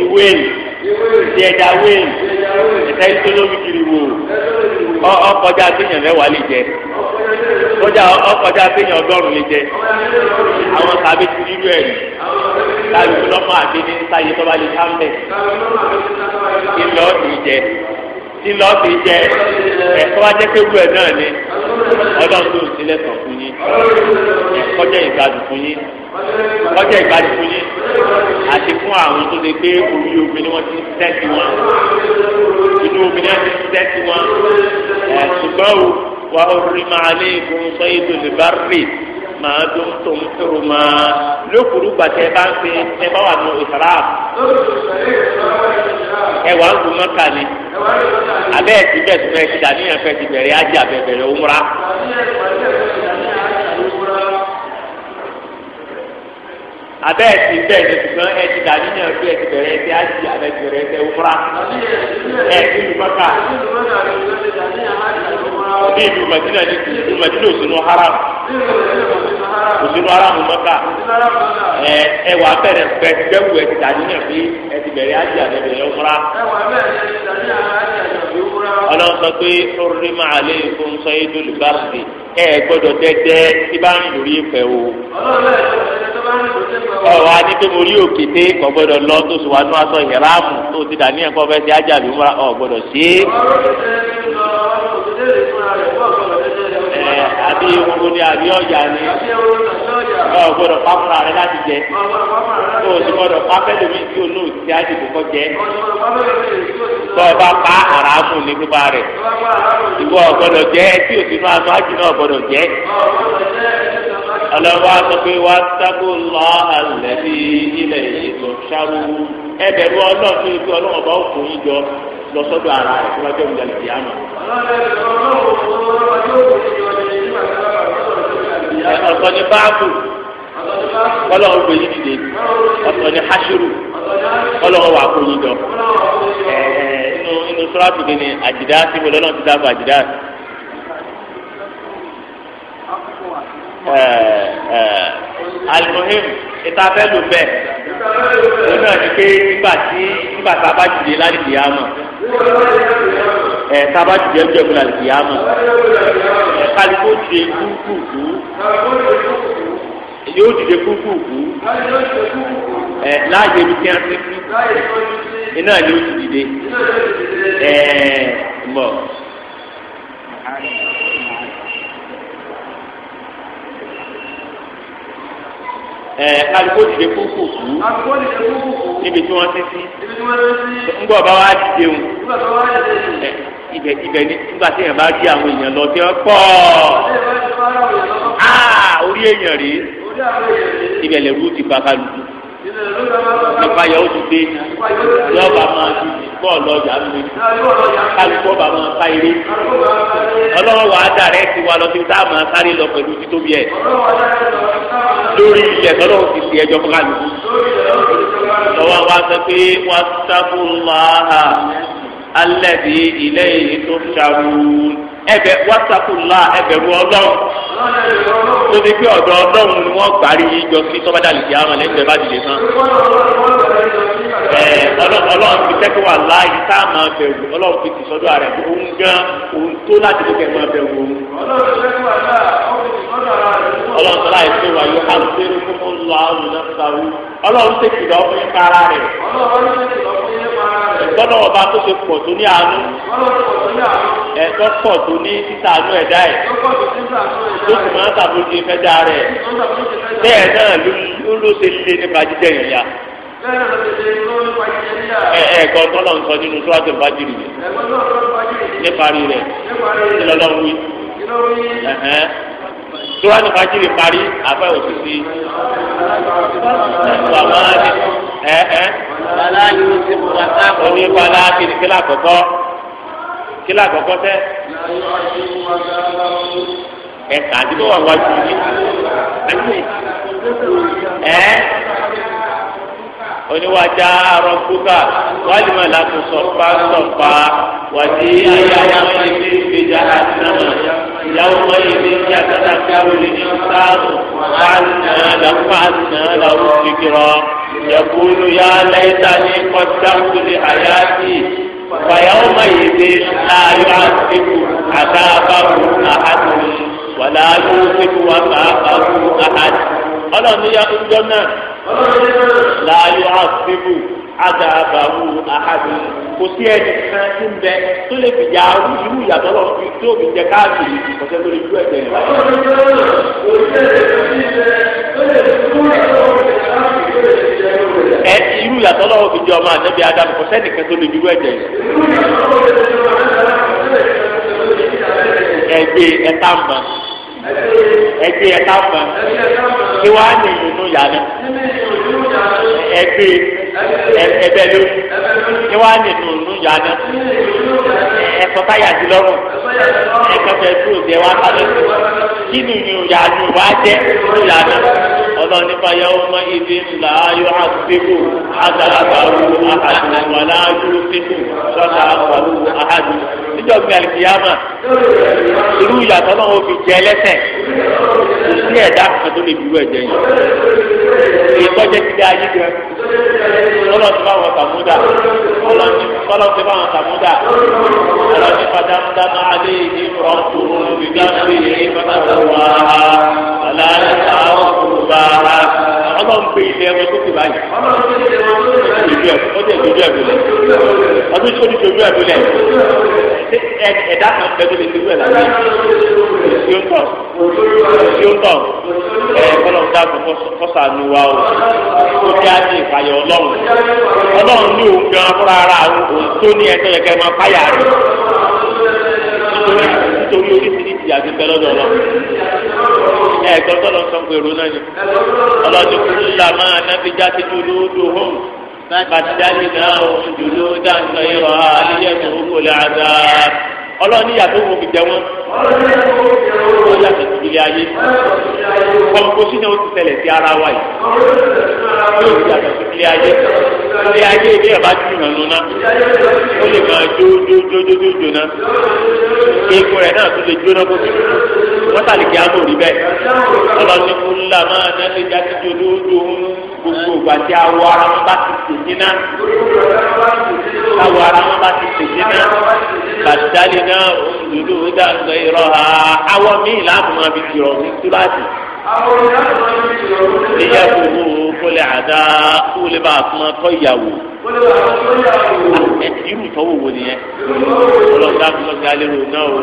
ìwé yìí ti ẹja wéèlì ẹ̀ka ètò lórí kiri wò ọkọjá téèyàn mẹ́wàá lè jẹ kọjá ọkọjá téèyàn ọgọ́rùn lè jẹ àwọn tàbí ti rírú ẹ̀ rí láti lọ́mọ àti ní sáyé tó lè ká ń bẹ̀ ńlọ fi jẹ ẹ̀kọ́ ajẹkẹwù ẹ náà ni Ọlọ́run tó sílẹ̀ sàn fún yín kọjá ìgbádùn fún yín kọjá ìgbádùn fún yín àti fún àwọn tó lè gbé orí omi ni wọn ti sẹẹsì wọn inú omi ni wọn ti sẹẹsì wọn ẹ ṣùgbọ́n o wà ó rí màálé ìfowópamọ́ ìdòlè bá rè màá tó tó ń tóró ma lókùrú gbàtẹ bá ń pe ẹ bá wà nù ìsàrà ẹ wà ń gun mọ́kà ni abẹ́ ẹ̀ ti bẹ̀ tó fẹ́ ti dàníyàn fẹ́ ti bẹ̀rẹ̀ ájì abẹ́bẹ̀rẹ̀ òmùra. abẹ́ ẹ̀sìn bẹ́ẹ̀ ni ṣùgbọ́n ẹ ti dà níyàn pé ẹ ti bẹ̀rẹ̀ ẹsẹ̀ ájì abẹ́ ti bẹ̀rẹ̀ ẹsẹ̀ òmùra ẹ ti lù mọ́kà ní ìlú madina ní ìlú madina òsínú haram òsínú haram mọ́kà ẹ ẹ wà bẹ̀rẹ̀ bẹ́ẹ̀wù ẹ ti dà níyàn pé ẹ ti bẹ̀rẹ̀ ájì abẹ́ bẹ̀rẹ̀ òmùra ọlọ́run sọ pé ọ̀rẹ́ máa lé fún sọ́yìn dùlù ẹ gbọ́dọ̀ dẹdẹ tí bá ń lórí ìfẹ́ o. ọ̀rọ̀ àti pé mo rí òkété kò gbọ́dọ̀ lọ tó sì wá ní aṣọ ìhẹ́ráàmù tó ti dà ní ẹ̀kọ́ fẹ́ ti ájà lómúra ọ̀ gbọ́dọ̀ ṣe é àbí ewúro ni àbí ọjà ni ọ gbọ́dọ̀ pàmòrà rẹ láti jẹ tó o ti gbọ́dọ̀ pàmẹlẹ mi tí o ní òtí àdìgbò kọ jẹ tó o bá pa àràmù ní pípa rẹ ìwọ gbọ́dọ̀ jẹ tí o ti nú àánú àjì náà gbọ́dọ̀ jẹ ọlọ́wọ́ sọ pé wá sábò lọ àlẹ́ bí ilẹ̀ ètò ṣáwó ẹ ọlọ́run tó ibi ọlọ́run ọba òkú yín jọ lọ sọ́dọ̀ ara rẹ̀ tó wájú ìjàlè ìyá e, ni báàbù kọlọ́wọ́ dìde inú inú sọ́láàtù ni àjìdá ti àjìdá. alimuhim pé nígbà tí nígbà a bá jìde láti ẹ kaba ti jẹ jẹ fúlàlì kìyàmù kálukú ti dé kúkúkú yóò dìde kúkúkú ẹ láàyè ibi tí a ti kú iná yóò ti dìde ẹ mọ. ẹ aluko dìde kúkú kú níbi tí wọn ti sí ngbọ bá wa dìde o ibẹ̀ ibẹ̀ ni nígbà tí èèyàn bá rí àwọn èèyàn lọ tí wọ́n pọ̀ á orí èèyàn rèé ibẹ̀ lè rú ti bàbá lu nípa yẹ ó ti dé lọ́ba máa ju bọ́ọ̀lù ọjà mi kálukú ọba máa ká eré ọlọ́wọ́ wàá dàrẹ́ ti wá lọ sí tá a máa sáré lọ pẹ̀lú títóbi ẹ̀ lórí ilẹ̀ tọ́lọ́wọ́ ti ti ẹjọ́ kálukú lọ́wọ́ wa sọ pé wàá sábò ńlá ha alẹ́bi ilé yìí tó ṣàrù ẹbẹ wàtàkùnlá ẹbẹrù ọlọ́run tó ti pé ọ̀dọ̀ ọlọ́run ni wọ́n gbàrí yìí jọ sí tọ́ba dàlí àwọn ẹlẹ́gbẹ̀ẹ́ bá dìde tán. ọlọ́run ti fẹ́ wà láàyè tá a máa bẹ̀rù ọlọ́run ti ti sọ́dọ̀ rẹ̀ òun gan òun tó láti lè kẹ́ máa bẹ̀rù òun. ọlọ́run tó láyé tó wà yóò hàn sí ẹni náà sáwù ọlọ́run ti kìlọ̀ kára rẹ̀. ọlọ́run ti kìlọ̀ tọ́nà ọba tó ṣe pọ̀ tó ní àánú ẹ̀ tó pọ̀ tó ní sísàánú ẹ̀dá ẹ̀ tó sì máa ń sàbójì fẹ́dá rẹ̀ bẹ́ẹ̀ náà ló ló ṣe lé nípa jíjẹ yàn ya. ẹ ẹ kọ́ tọ́lọ̀ nǹkan nínú tó àti ìbájìrì rẹ̀ níparí rẹ̀ ìlọ́lọ́wí tó wá ní fàájìrì parí àfẹ́ òṣìṣì ẹ̀ ẹ̀ onífàlà kìnnì kílà kọ̀kọ́ kílà kọ̀kọ́ tẹ́ ẹ̀ka àti bó wà wá ju yìí ẹ̀ oníwájà rọ̀bùkà wàlímọ̀ làkù sọ̀pá sọ̀pá wàdí ayáwó ẹ̀mí ìgbèjà àti nàmà ìyàwó ẹ̀mí ìgbèjà àti nàmà ìyàwó ẹ̀mí ìgbèjà àti nàmà ìyàwó ẹ̀mí ìgbèjà àti يقول يا ليتني قدمت لحياتي فيومئذ لا يعذب عذابه أحد ولا يوثق وثاقه أحد. أنا يا إنجنا لا يعذب adabawu ahadu kò sí ẹni kan tí ń bẹ tó lè fi ya awú irú ìyàtọ̀ lọ fi tí òbí jẹ káàkiri ọ̀sẹ̀ lórí ju ẹ̀jẹ̀ rẹ̀. ẹ irú ìyàtọ̀ lọ́wọ́ fi jẹ ọmọ ànábi adamu kò sẹ́ni kan tó lè ju ẹ̀jẹ̀ rẹ̀. ẹgbẹ́ ẹ̀ta mọ̀ ẹgbẹ́ ẹ̀ta mọ̀ kí wàá nìyí nù yàrá ẹgbẹ́. ẹbẹ ló ní wàá lè nù nù yá ni ẹsọ táyà lọrùn ẹsọ fẹẹ tó jẹ wàá kí jẹ nù nípa ọmọ ìdí ńlá ayọ̀ àtúntẹ́kù àtàlàbàrú irú náà ó fi jẹ kò sí kan tó lè bí yìí. èyí kọjá ti dé ayé gan ọlọ́ ti bá wọn sàmúdà ọlọ́ ti ọlọ́ ti bá wọn sàmúdà ọlọ́ ti padà ń dáná alẹ́ yìí rọ́ọ̀tù gbígbá sí èyí bàtà wà á aláàlá ọ̀kùnrin bá a ọlọ́run gbé ilé ẹ̀wọ̀n tó ti báyìí. ọlọ́run gbé ilé ẹ̀wọ̀n tó ti báyìí. ọdún ìṣojú ẹ̀bùlẹ̀. ọdún ìṣojú ẹ̀dá kan bẹ tó lè ti wẹ̀ láti. èsì ń tọ̀. èsì ń tọ̀. ẹ kọ́lọ̀ ń dáàbò kọ́sàánú wa o. a ní ìfàyà ọlọ́run. ọlọ́run ní òun gan fúnra òun tó ní ẹ ìyá ti bẹ lọ́dọ̀ lọ. ẹ̀gbọ́n tó lọ sọ pé èrò náà ni. ọlọ́dún kúrú là máa nábí jáde dúdú dùn hùn. bàtìdájì náà òun dúdú dáńtọ́ ìrọ̀ àlẹ́yẹ̀ tó ń kò lè àgbà. ọlọ́ni ìyá tó wọ́n fi jẹ wọ́n. ó yàtọ̀ sí ayé. kọ̀ǹkóṣí náà ó ti tẹ̀lẹ̀ sí ara wa yìí. ó yàtọ̀ sí ayé ilé ayé ilé ẹ̀ bá ti yàn lóná ó lè máa jó jó jó jó jó jóná eegun rẹ̀ náà tún lè jóná bó ti wọ́n tàlẹ̀ kí á mọ̀ rí bẹ́ẹ̀ ọlọ́ ní kó ńlá máa ná lè já sí jodóodó gbogbo ìgbà tí awọ ara wọn bá ti tè níná awọ ara wọn bá ti tè níná bàtàlì náà òǹdòdó dàgbà ìrọ̀ ha awọ míì láàbùmọ̀ àbí tìrọ̀ ní kíláàsì. ìyá gbogbo kó lè àdá kó lè bá a kuma kọ́ ìyàwó. irú ìtọ́wò wo nìyẹn. ọlọ́dà kúmọ̀sí alérò náà o.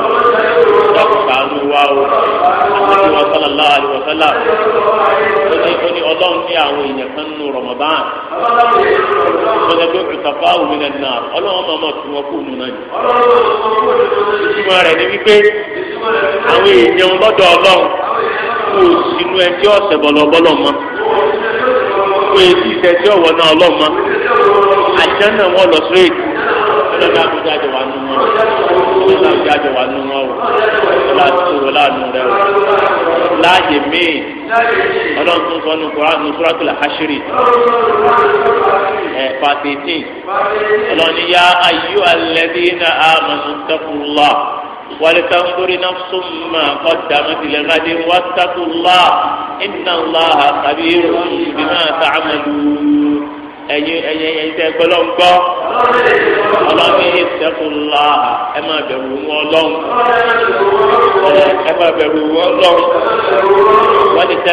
dọ́kítà àánú wa o. àti wa sálàlá àlùwà sálà. ó ní ó ní ọlọ́run ní àwọn èèyàn kan nù Ramadan. ọlọ́dà tó kù tàfà òun nà nà ọlọ́run máa ma tún wọn kó nù náà. ìtumọ̀ rẹ̀ ni wípé àwọn èèyàn lọ́dọ̀ ọlọ́run kò sínú ẹjọ́ ọ̀sẹ̀ bọ̀lọ̀bọ̀lọ̀ mọ́ pé tí ìtẹ̀sí ọ̀wọ́ náà ọlọ́mọ àjẹ́ náà wọ́n lọ straight ọlọ́dà tó jáde wà nù wọn ọlọ́dà tó jáde wà nù wọn o ọlọ́dà tó láàánú rẹ o láàyè míì ọlọ́run tó sọ nù kóra nù suratul Hashri ẹ̀ fàtẹ́tì ọlọ́run yá ayyuhal ladina amanu taqullah. ولتنظر نفس ما قدمت لغد واتقوا الله إن الله خبير بما تعملون ẹ̀yin ẹ̀yin ẹ̀yin tẹ gbọlọ ń gbọ́ Ọlọ́run yìí tẹkùnlá ẹ máa bẹ̀rù wọn Ọlọ́run ẹ máa bẹ̀rù wọn Ọlọ́run wọn ti tẹ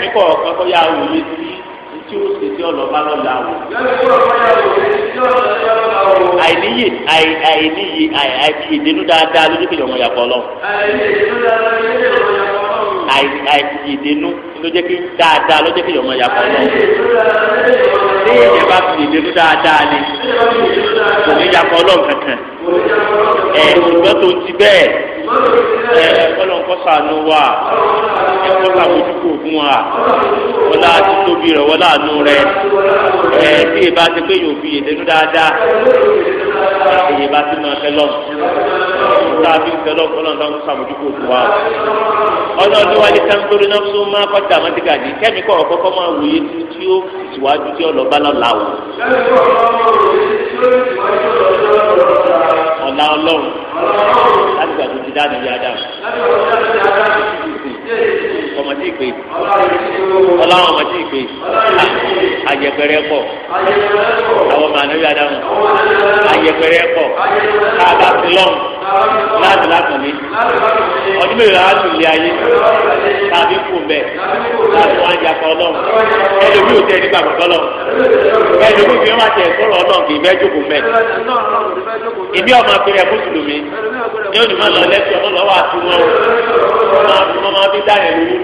nítorí tí ó ṣe tí ọlọ́ba lọ́la o. àìníyè àìníyè àìdènú dáadáa ló ní kí ọmọ yàgbọ́ lọ. àìdènú ló jẹ́ kí dáadáa ló jẹ́ kí ọmọ yàgbọ́ lọ. ní ìyẹn bá fi ìdènú dáadáa ni kò ní yàgbọ́ lọ kankan. ẹ̀ ṣùgbọ́n tó ti bẹ́ẹ̀ ẹ ọlọ́run kọ́ sànú wa ẹ kọ́ sàbójúkò fún wa wọlá àti tóbi rẹ wọlá àánú rẹ ẹ tí ìbá ti pé yóò fi ìdẹnu dáadáa èyí bá ti máa fẹ́ lọ tá a fi ń fẹ́ lọ kọ́ lọ́nà tó wa ọlọ́run tó náà fún máa kọ́ tà ti gàdí kẹ́mi kọ́ ọ̀kọ́kọ́ máa wòye tí ó síwájú tí ọlọ́ba lọ́la o ọ̀la ọlọ́run láti gbà tó ti dá níbi ádámù ọmọdé ìpè ọlọ́run ọmọdé ìpè ah, àjẹpẹrẹ pọ̀ àwọn ọmọ ànábì ádámù àjẹpẹrẹ pọ̀ káàbà sílọ́mù láti látọ̀lé ọdún mélòó la tún lé ayé tàbí kù mbẹ láti wọn àjà kọ lọ́wọ́ ẹlòmíì ò tẹ nígbà kọ lọ́wọ́ ẹlòmíì fi wọn àtẹ sọ̀rọ̀ ọlọ́run kì í bẹ́ẹ̀ jókòó mbẹ ìbí ọmọ akéré mùsùlùmí ní onímọ̀ lọ lẹ́sìn ọmọ lọ́wọ́ àti wọn o wọn máa fi dá yẹn lórí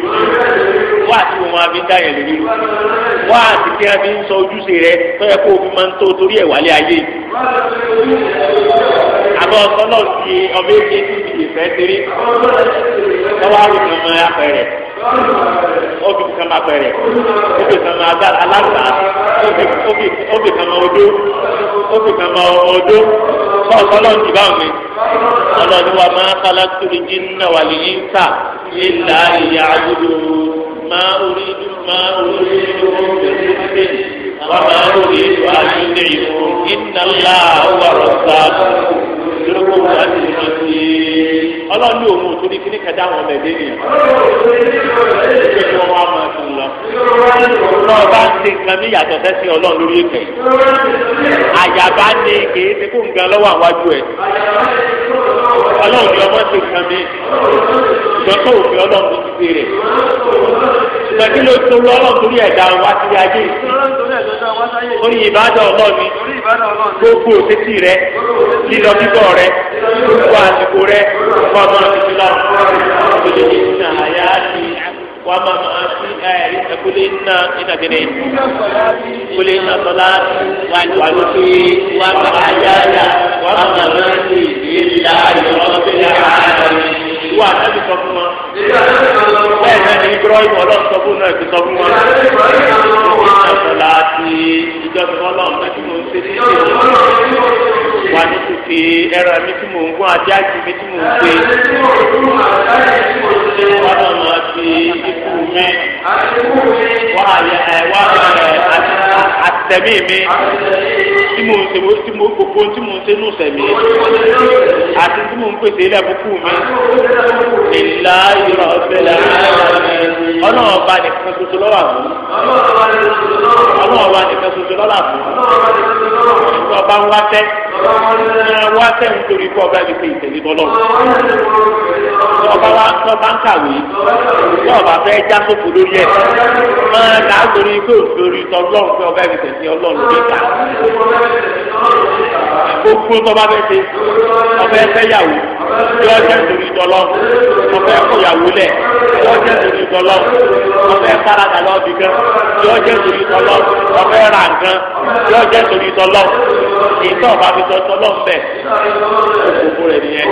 wọ́n àti wọn máa fi dá yẹn lórí wọ́n àti kí wọ́n fi ń sọ ojúṣe rẹ tọ́yẹ kó o fi máa ń tó torí ẹ̀ wálé ayé. àbọ̀ si sí ọbẹ̀ èké tó ti ìfẹ́ tiri lọ́wọ́ àrùn mọ́ ya obì kan máa pẹ̀rẹ̀ obì kan máa gbà alágbà obì kan máa odó obì kan máa odó bọ́ sọ́nà mi ọlọ́ni wa máa kálá tóri jí nà wà lè sà ìyá àdúgbò máa orí máa orí wọ́n máa ìlú ìlú àwọn ọ̀rọ̀ sáà. lóko wà ní ìrántí ọlọ́run ní òun òtún ní kíní kẹta àwọn ọmọ ẹ̀dẹ́ nìyẹn. ṣé kí wọ́n wá máa tún lọ. lọ́ọ̀ bá ń ṣe nǹkan mí yàtọ̀ sẹ́sìn ọlọ́run lórí èkè. àyàbá ní kèé ṣe kó nǹkan lọ́wọ́ àwájú ẹ̀. ọlọ́run ni ọmọ ṣe nǹkan mí. ṣùgbọ́n tó òfin ọlọ́run tó ti ṣe rẹ̀. ṣùgbọ́n kí ló tó lọ́ọ̀rọ̀ torí ẹ̀dá wá sí ayé. torí ìbádọ́ ọlọ́run gbogbo òtítì rẹ lílọ bíbọ̀ rẹ gbogbo àsìkò rẹ fọmọ títí lọrùn òtítì iná àyà ti wà má má sí ẹrí ẹkúlé iná iná kéré kúlé iná sọlá wà wà lókè wà má àyà yà wà má má sí ìlà ìrọ̀lọ́bẹ̀lẹ̀ àárẹ̀ wà nábì sọ fún wọn bẹ́ẹ̀ náà ní gbọ́ ìwọ ọlọ́run sọ fún náà ti sọ fún wọn. ìjọba láti ìjọba ọlọ́run náà tí mo ń ṣe ní ìṣòro wà ní tòkè ẹran mi tí mo ń gún àti àjù mi tí mo ń gbé pé ọlọ́run máa fi ikú mi wá wá àtẹ̀mí mi tí mo ṣe tí mo gbogbo tí mo ṣe nù sẹ̀mí àti tí mo ń pèsè ilé àbúkù mi ìlà ìrọ̀ ọ̀bẹ̀lẹ̀ ọlọ́run ọba nìkan tuntun lọ́wọ́ àbú ọlọ́run ọba nìkan tuntun lọ́wọ́ àbú ìgbà ọba ń wá tẹ́ ń wá tẹ́ nítorí pé ọba wa tó bá ń kàwé tó ọba fẹ́ já sófo lórí ẹ̀ máa dá lórí pé òfin orí tọ́lọ́run pé ọba ẹ̀mí tẹ̀sí ọlọ́run lórí ìta gbogbo tó bá fẹ́ ṣe ọba ẹ̀fẹ́ yàwó tí ọjà torí tọlọ mo fẹ́ kóyàwó lẹ tí ọjà torí tọlọ mo fẹ́ faradà lọ bí gan tí ọjà torí tọlọ mo fẹ́ ra nǹkan tí ọjà torí tọlọ ìtọ́ ọba fi sọ tọlọ ń bẹ gbogbo rẹ nìyẹn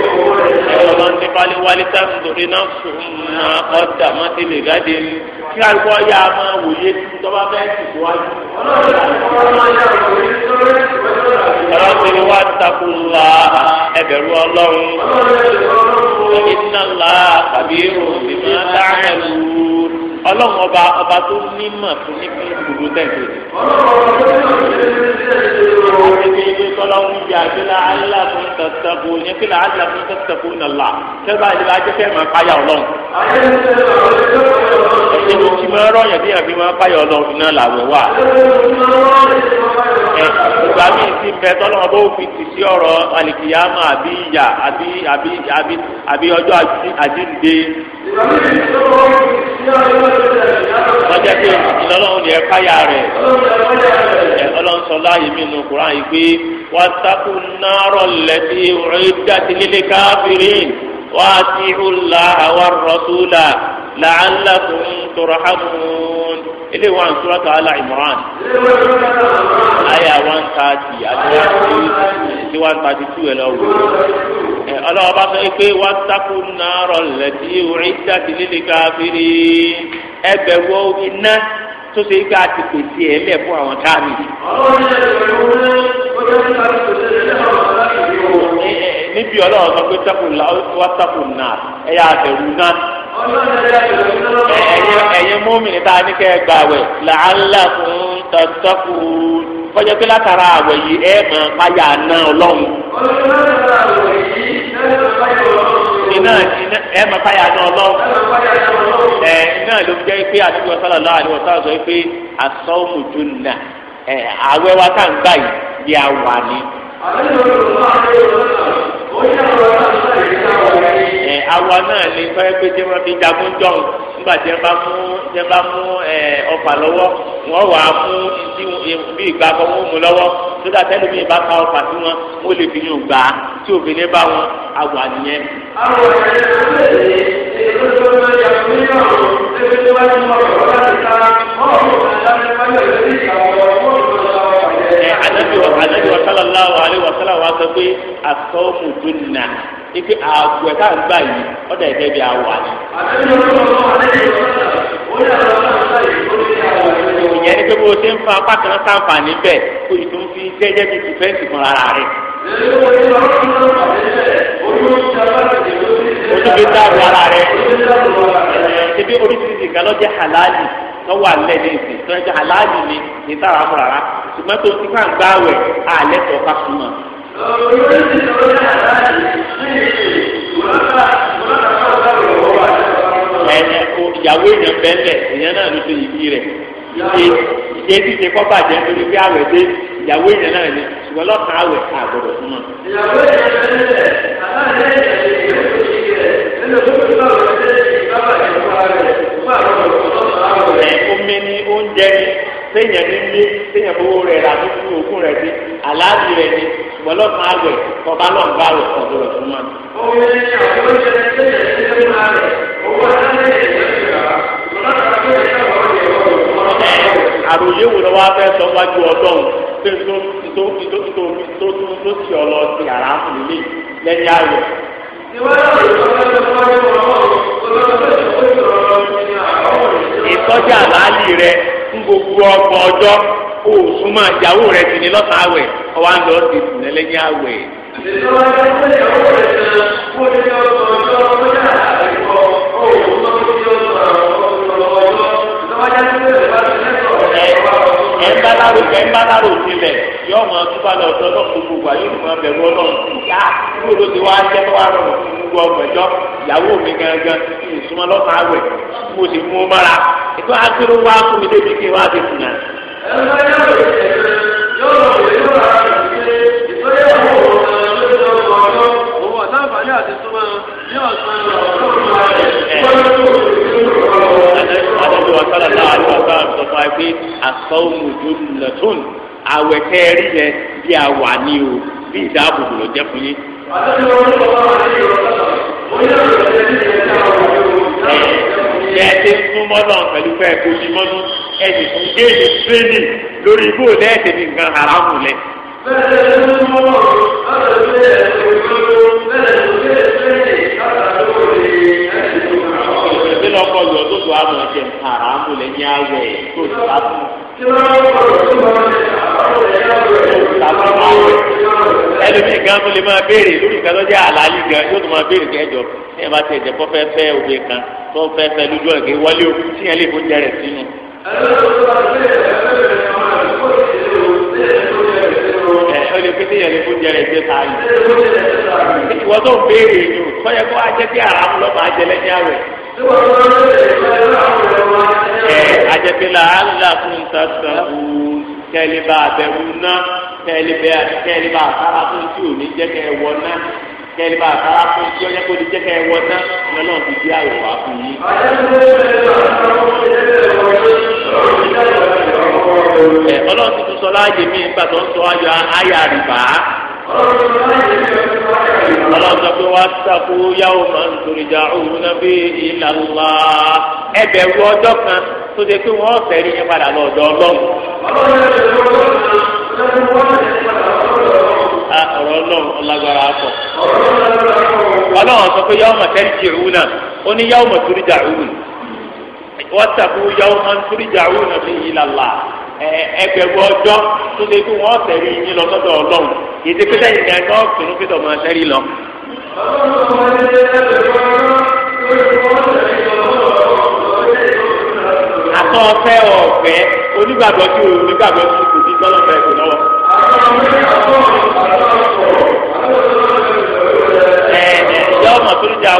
ẹ̀rọ máa ń ní balẹ̀ wálé sáà ń torí náà fún un náà ọ̀dà má ti lè gáde ní kí àlùkò ọ̀yà máa wòye tọ́ba bẹ́ẹ̀ sì wájú. ọlọ́run ni wá takò ńlá ẹbẹ̀rù ọlọ́run iná ńlá tàbí òbí máa dáhẹ̀ lù ọlọ́run ọba ọba tó nímọ̀ tó ní kí gbogbo tẹ̀sí. ọ̀rẹ́ mi ilé tọ́lá ń yà kí la àlá fún tẹ̀sẹ̀kù ní kí la àlá fún tẹ̀sẹ̀kù nà la kẹ́bà ìlú ajé fẹ́ máa páyà ọlọ́run. ẹ̀sìn mi ti máa rọ̀yàn bí àbí máa páyà ọlọ́run iná làwẹ̀ wà. ìgbà mi ti bẹ tọ́lá ọba ó fi tì sí ọ̀rọ̀ alìkìyàmọ̀ àbí ìyà àbí àbí àbí ọjọ́ àjíǹde. ìgbà mi ti sọ lọ́jọ́ pé ìlọ́lọ́run ni ụlọ ya rẹ̀ ọlọ́run láàyè mí nu yìí pé wàtàkù nárọ̀ lẹ́tí orí dátìlélẹ̀ káfírin wà á ti hùlà àwọn rọ̀túlà làálàkùn tòrọ̀hàmùn ilé wa nsúra one thirty àti one thirty two ẹ̀ lọ́wọ́. ọlọ́wọ́ bá sọ pé wá sákò nàárọ̀ lẹ́tí orí jáde líle káfírí ẹbẹ̀ wọ iná tó ṣe ká ti pèsè ẹ̀ lẹ̀ fún àwọn káàmì. níbi ọlọ́wọ́ sọ pé sákò wá sákò nà ẹ̀yà àtẹ̀wù náà. ẹ̀yin múmìnì tá a ní kẹ́ ẹ gbà wẹ̀ làálà fún tọ́tọ́kù kọjá pé látara àwẹ̀ yìí ẹ̀ mọ̀ fáyà náà ọlọ́run. iná ẹ̀ mọ̀ fáyà náà ọlọ́run. ẹ̀ iná ló jẹ́ pé àdúgbò sọ́lá lọ́wọ́ àdúgbò sọ́lá sọ pé àsọ́ọ̀mù jùnà ẹ̀ àwẹ̀ wa tá à gbà yìí bí a wà ní. àbẹ̀lẹ̀ olùkọ́ àti olùkọ́ ó yẹ kó lọ́wọ́ àti sọ́ọ̀rọ̀ ìgbà wọ̀ àwa náà lè fẹ́ pé tí wọ́n fi jagun jọ̀hún nígbà tí wọ́n bá mú tí wọ́n bá mú ọfà lọ́wọ́ wọ́n wà á mú bí ìgbà kan wọ́n mú lọ́wọ́ sódà tẹ́lẹ̀ mi bá ka ọfà sí wọn ó lè fi yún gbà á tí òfin bá wọn àwa nìyẹn. àwọn ọ̀rẹ́ rẹ̀ ló lè ṣe èyí tó lọ́ọ́ yà fún yíyọ̀ ẹgbẹ́ tó wá ní ọ̀rọ̀ láti ta ọ̀rọ̀ àdáni wàsálà láwàálẹ̀ wàsálà wàá sọ pé àtọ́mùdúnà ipe ààbò ẹ̀ka ń gbà yìí ọ̀dà ẹ̀kẹ́ bí awọ àná. ìyẹn ni pé bó o ṣe ń fa apá kan sáǹfààní bẹ́ẹ̀ kó ìtò ń fi jẹ́jẹ́ bíi dìfẹ́ǹsì fún ara rẹ̀. olùgbé dáàbò ara rẹ̀ ṣebí oríṣiríṣi ìkàlọ́ jẹ́ halali tọ́wọ́ alẹ́ ní ìsìn tọ́wọ́ jẹ́ halali ní ìtara amúrara ṣùgbọ́n tó ti fà ń gbáwẹ̀ àlẹ́ tó ká súnmọ́ ẹ̀yẹ ìyàwó èèyàn bẹ́lẹ̀ èèyàn náà ló ṣe ìdí rẹ̀ ìdí ti ṣe kọ́ba jẹ́ nítorí pé àwẹ̀ dé ìyàwó èèyàn náà ni ṣùgbọ́n lọ́kàn àwẹ̀ kà gbọ́dọ̀ fún mọ́. ìyàwó èèyàn bẹ́lẹ̀ aláàlẹ́ ẹ̀yẹ ìdí rẹ̀ nínú tó fi bá wọn ṣe ìbáwá ìjọba rẹ̀ fún àwọn ọ̀dọ́ àwẹ̀. omi ni oúnjẹ ni téèyàn ní ní téèyàn fowó rẹ̀ rà tó fún òkú rẹ̀ sí àlàáfíà rẹ̀ ni wọlọ́ fún awẹ̀ kọba lọ́n bá awẹ̀ kọ̀dọ̀ rẹ̀ fún wa. àròyé wo ni wọ́n á fẹ́ sọ wájú ọdún tó tó tó tó tó tó ti ọlọ ti àrà fún mi lẹ́ni awẹ̀. ìtọ́jú àlàálì rẹ̀ ń gbogbo ọgbọ̀n ọjọ́ o súnmọ́ ìyàwó rẹ ti ní lọ́sàn-án àwẹ̀ ọwọ́ à ń lọ sí ìsìn àwẹ̀. ẹ bá lárò ẹ bá lárò sílẹ̀ yọ ọmọ túbà lọ sọ lọ gbogbo wa yóò máa bẹ̀rù Ọlọ́run yá kúrò ló ti wá jẹ tó wá rọrùn fún gbogbo ọgbẹjọ ìyàwó mi gangan ìsúnmọ́ lọ́sàn-án àwẹ̀ mo sì mú un mọ́ra ètò àgbèrò wa fún mi débi kí n wá ti sùn náà pé asọ́wọ́mù jùlọ̀tún yẹn bí a wà ní o bí ìdáàbòbò lọ jẹ́ fún yín. ẹ ẹ ti fún mọ́nà pẹ̀lú fẹ́ẹ́ kó yí mọ́nú ẹni géèmì tírénì lórí ibú lẹ́ẹ̀tẹ̀ ní nǹkan haramu lẹ. bẹ́ẹ̀ ni mo mọ̀ ọ́dọ̀ bí ẹ̀ ṣe gbọ́dọ̀ bẹ́ẹ̀ ni bí ẹ̀ ṣe lè kábàámọ̀ lè ẹ̀ ṣe gbọ́dọ̀. ìpínlẹ̀ ọkọ̀ yọ̀ tó tó àmọ̀ jẹ̀ haramu lẹ ní awẹ̀ tó tó àmọ̀. kí wọ́n kọ̀ tó máa ń ṣe àwọn ẹlòmíì gan tó lè máa béèrè lórí ìka lọ́jà àlàálì gan yóò tó máa béèrè kẹjọ ní ẹ̀ bá tẹ̀ ẹ̀jẹ̀ kọ́ fẹ́ fẹ́ obìnrin kan tó fẹ́ fẹ́ lójú ọ̀gẹ̀ wọlé òkú tíyẹn lè fún jẹrẹ sínú ẹ̀sọ́ ni pété yẹn ni kó jẹ ẹgbẹ́ ta yìí. ìwọ tó ń béèrè ni o sọ yẹ kó a jẹ kí ara ń lọ máa jẹ lẹ́yìn àwẹ̀. ẹ ajẹpẹlẹ alila fún sàkàwù kẹlẹbà bẹ̀rù náà kẹlẹbà kẹlẹbà sára fún tí ò ní jẹ kẹ wọ náà kẹ́lí bá àtàrà fún yíyọ́ yẹ kó ti jẹ́ kẹ́ ẹ wọ tán lọ́nà ti di àwọ̀ wá fún yín. ẹ ọlọ́run ti tún sọ láàyè mí nígbà tó ń sọ ayọ̀ ayà rìbá. ọlọ́run sọ pé wá sàkó yàwó máa ń torí ja òun náà bí ilà ńlá. ẹ bẹ̀rù ọjọ́ kan tó ṣe pé wọ́n fẹ́ rí yín padà lọ́dọ̀ ọlọ́run. ọ̀rọ̀ ọlọ́run ọlágbára akọ. ọlọ́run sọ pé yawma tarji'una ó ní yawma turja'un wattaqu yawman turja'una fihi ila ọjọ́ tó lè kí wọ́n tẹ̀lé yín lọ sọ́dọ̀ ọlọ́run pété yìí lọ. àtọ́ onígbàgbọ́ tí onígbàgbọ́ tí kò yọọma tó ń jà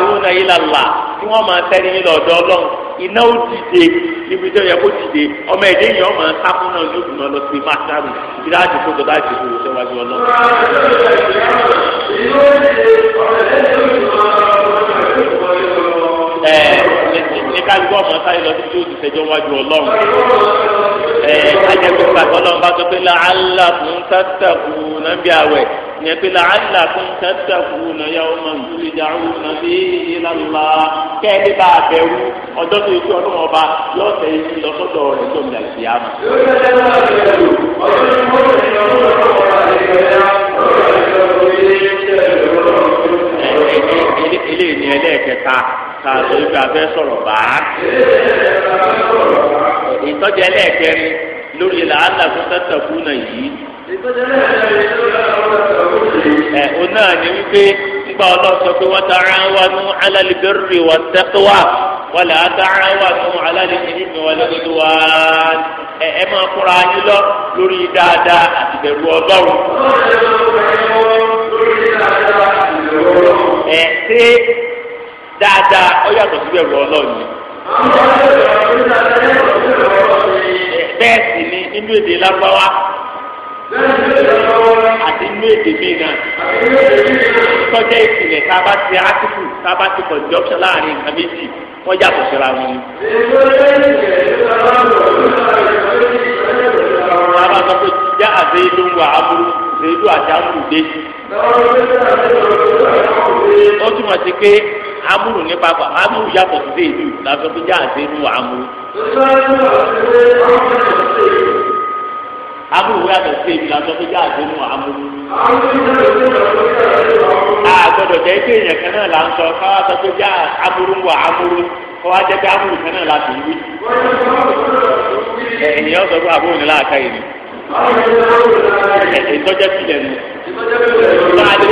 wọn máa tẹni yín lọ́dọ̀ Ọlọ́run iná ó dìde níbi tó yẹ kó dìde ọmọ ẹdẹ yìí ọmọ sáfún náà ló dùn lọ sí máa sáré ìdílé àdìgbò tó bá dìbò tó wájú Ọlọ́run. ẹ ní kálukú ọmọ sáré lọ sí tí ó ti tẹjọ wájú Ọlọ́run ẹ ajẹ pé pàtó Ọlọ́run bá tó pé làálà fún tàtàkù nàbí àwẹ ìyẹn pé làálà fún tàtàkù nàyà ọmọ ìdúlé dàrú nàbí ìlàlá kẹ́ẹ̀lé bá a bẹ̀rù ọjọ́ tó ikú ọdún ọba yóò tẹ ikú lọ́sọ̀dọ̀ rẹ̀ tó ń gbà sí àmà. eléyìí ni ẹlẹ́ẹ̀kẹta tá a sọ wípé a fẹ́ sọ̀rọ̀ bá a. ìtọ́jú ẹlẹ́ẹ̀kẹrin lórí làálà tó tẹ́tẹ̀ kú náà yìí. ìtọ́jú ẹlẹ́ẹ̀kẹrin náà ní wípé nígbà ọlọ́run pé wọ́n tara wa nú alálẹ́ bẹ́rẹ̀ wà tẹ́kọ̀wá wọ́n lè tara wa nú alálẹ́ ìdíje wà lọ́dọ̀dọ̀ wá. ẹ ẹ máa kóra yín lọ lórí dáadáa àti bẹ̀rù ọlọ́run. ẹ ṣe dáadáa ó yàtọ̀ síbẹ̀ rú ọlọ́run ni. bẹ́ẹ̀ sì ni nínú èdè àti èdè mìíràn tá a bá ti tá a bá ti láàrin nǹkan méjì síra wọn ni. ìlú wà ó túmọ̀ sí pé. amúrù nípa pa amúrù yàtọ̀ sí èlú làbẹ́ pé já àti inú amúrù. amúrù yàtọ̀ sí èlú làbẹ́ pé já àti inú amúrù. àgbọ̀dọ̀ jẹ́ pé èèyàn kan náà là ń sọ káwá sọ pé já amúrù wà amúrù kọ́ wá jẹ́ pé amúrù kan náà là ti wí. èèyàn sọ pé àbúrò ní láàká yìí ni. ìtọ́jẹ́ sílẹ̀ nù. ìtọ́jẹ́ sílẹ̀ nù. ìtọ́jẹ́ sílẹ̀ nù.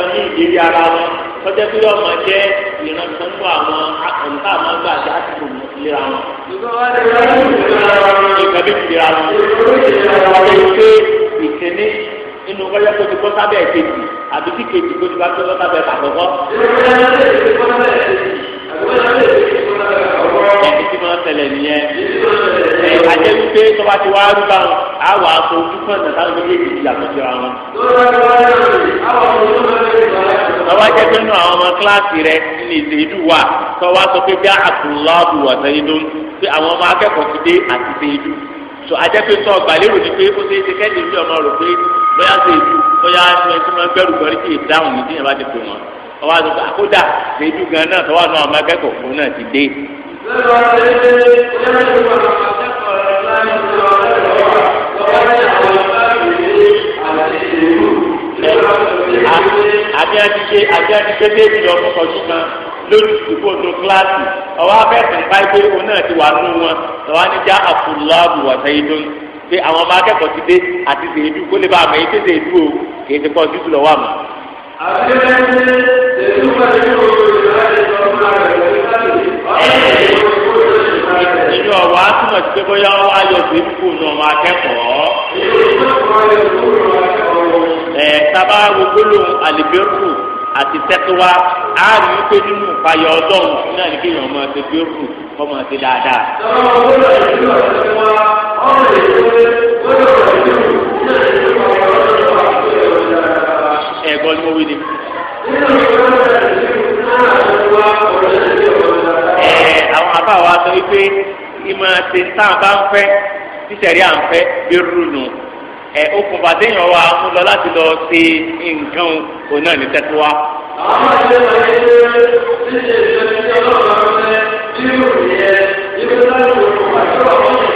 ìtọ́jẹ́ sílẹ̀ nù. ìtọ́jẹ́ kọjá pé ọmọ jẹ́ ìran kan fún àwọn àkàǹtà àwọn àgbà àti àtìkù ìlera wọn. ìgbà bí ìlera wọn. ìgbà ìkíní inú kọjá tó ti kọ́ sábẹ́ kejì àbí tí kejì tó ti bá tó lọ́sábẹ́ àkọ́kọ́. ìgbà bí ìkíní ẹni tí máa ń nìyẹn ẹ ajẹ́ wípé tó bá ti wá rí bá wọn á wà á sọ ojú kan náà táwọn méjèèjì ti yàtọ̀ síra wọn. tọ́wọ́ jẹ́ pé nínú àwọn ọmọ kíláàsì rẹ ní ìdèédú wà tọ́wọ́ sọ pé bí àtúnlọ́ọ̀bù ọ̀sẹ̀ yìí ló ń pé àwọn ọmọ akẹ́kọ̀ọ́ ti dé àti ìdèédú so ajẹ́ pé sọ gbàlérò ni pé ó ṣe é ṣe kẹ́ni ìlú ọmọ rò pé bóyá ṣe èdú bóyá ẹni tí wọ́n gbẹ́rù àbí àtijé àbí àtijé méjì ọdún kan ṣùgbọ́n lórí ìdúgbò tó kíláàsì ọwọ́ abẹ́sẹ̀ báyìí pé òun náà ti wà nù wọn lọ́wọ́ níjà àfùlọ́ọ̀bù wọ̀ṣẹ́ yìí lóyún pé àwọn ọmọ akẹ́kọ̀ọ́ ti dé àti ṣèyí dúró kó lè bá àmọ́ èyí tó ṣèyí dúró kì í ti pọ̀ sí ìtúlọ̀ wà mọ́ ìyẹn ọ̀wá túmọ̀ sí pé bóyá ó wá yọ sí kù nù ọmọ akẹ́kọ̀ọ́. ẹ̀ sábà gbogbo lòun àlìbẹ́rù àti tẹ́tíwá á rí i pé nínú ìpayọ̀ ọlọ́run náà ní kéèyàn ọmọ ẹgbẹ́ gbé rù ọmọ ẹgbẹ́ dáadáa. sọ́wọ́n ó lọ sí ọ̀sẹ̀ wa ọ̀rọ̀ ìṣòro ó lọ sí ọ̀sẹ̀ wa. ẹ̀gbọ́n ni mo wí ni. ẹ àwọn àbá wa sọ wípé ìmọ̀ àti táwọn bá ń fẹ́ tíṣẹ̀rí à ń fẹ́ bí rúnù ẹ okùnfà téèyàn wa mú lọ láti lọ ṣe nǹkan òun náà ní tẹ́tí wa. àwọn àti ẹ̀rọ yẹn ṣe ṣíṣe ìṣẹ́jú ọlọ́run ọ̀rọ̀ rẹ̀ bí yóò yẹ ìgbésẹ̀ ìwòsàn àti ọ̀rọ̀ yẹn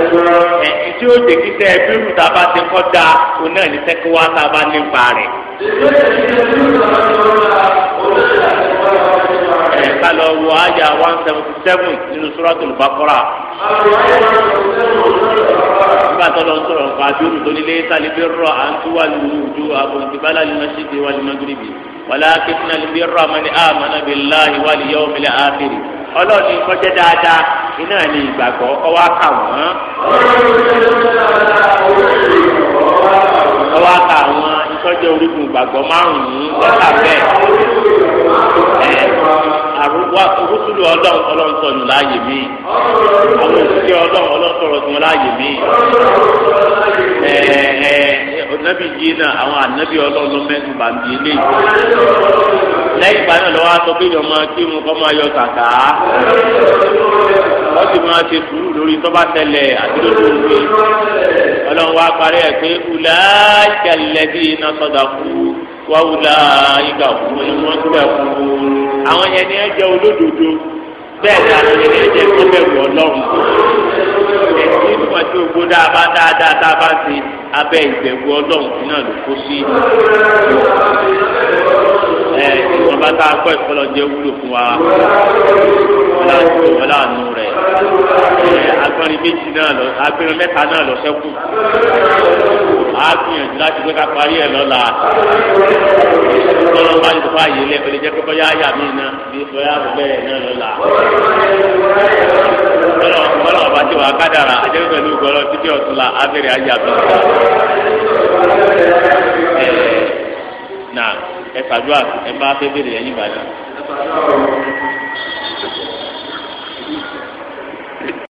ẹ̀jú tí ó jẹ́kí sẹ́ ẹ bírù tá a bá ti kọ́ da òun náà ní sẹ́kọ́ wá tá a bá ní ipa rẹ̀. ẹ̀ ká lọ wo àyà one seventy seven nínú Suratul Baqara. nígbà tó lọ sọ̀rọ̀ nǹkan àbíòrù tó nílé sálíbí rọ̀ à ń tú wà lùú ju àbòǹtìbálà ní masjid wal maghribi wàlá kìtìnnà lùbí rọ̀ àmàlẹ́ àmàlẹ́ billahi wal yawmil akhir. ọlọ́ọ̀ni kọjá dáadáa iná ní ìgbàgbọ́ ọwọ́ àkà wọ́n. ọwọ́ àkà wọ́n ìtọ́jú orígun ìgbàgbọ́ márùn-ún lọ́kà bẹ́ẹ̀. àrùwá ọlọ́run ọlọ́run láàyè mi. àwọn òṣìṣẹ́ ọlọ́run ọlọ́run wọn láàyè mi. ọ̀nàbí yìí náà àwọn ànábì ọlọ́run ló ilé lẹ́yìn ìgbà náà lọ́wọ́ aṣọ kéèyàn máa kírun kọ́ máa yọ kàkà wọ́n sì máa ṣe sùúrù lórí tọ́ba tẹ́lẹ̀ àti lójú omi ọlọ́run wa parí ẹ̀ pé ùlà jẹ̀lẹ́dì iná sọ̀dà kú wá ùlà ìgbà kú ni wọ́n tẹ̀ kú àwọn yẹn ni ẹ jẹ́ olódodo bẹ́ẹ̀ ni àwọn yẹn ni ẹ jẹ́ kọ́bẹ̀rù ọlọ́run ẹ̀sìn ìtumọ̀ tí o gbódà bá dáadáa tá a bá ti abẹ́ ìbẹ̀wò ọlọ́run náà ló kó sí. ìwọ̀nba tá a kọ́ ìfọlọ́ jẹ́ wúlò fún wa láàánú wọn láàánú rẹ̀ agbọ́nrin méjì náà lọ agbọ́nrin mẹ́ta náà lọ sẹ́kù á gbìyànjú láti pé ká parí ẹ̀ lọ́la bá jẹ́ àyà náà bí bọ́yá bẹ́ẹ̀ náà lọ́la ọba tí wàá kádàrà pẹ̀lú gbọ́lọ́ títí ọ̀tún la abẹ́rẹ́ ayé náà. ẹ fàdúrà ẹ bá fẹ́ bèrè ẹ̀yìn ìbàdàn.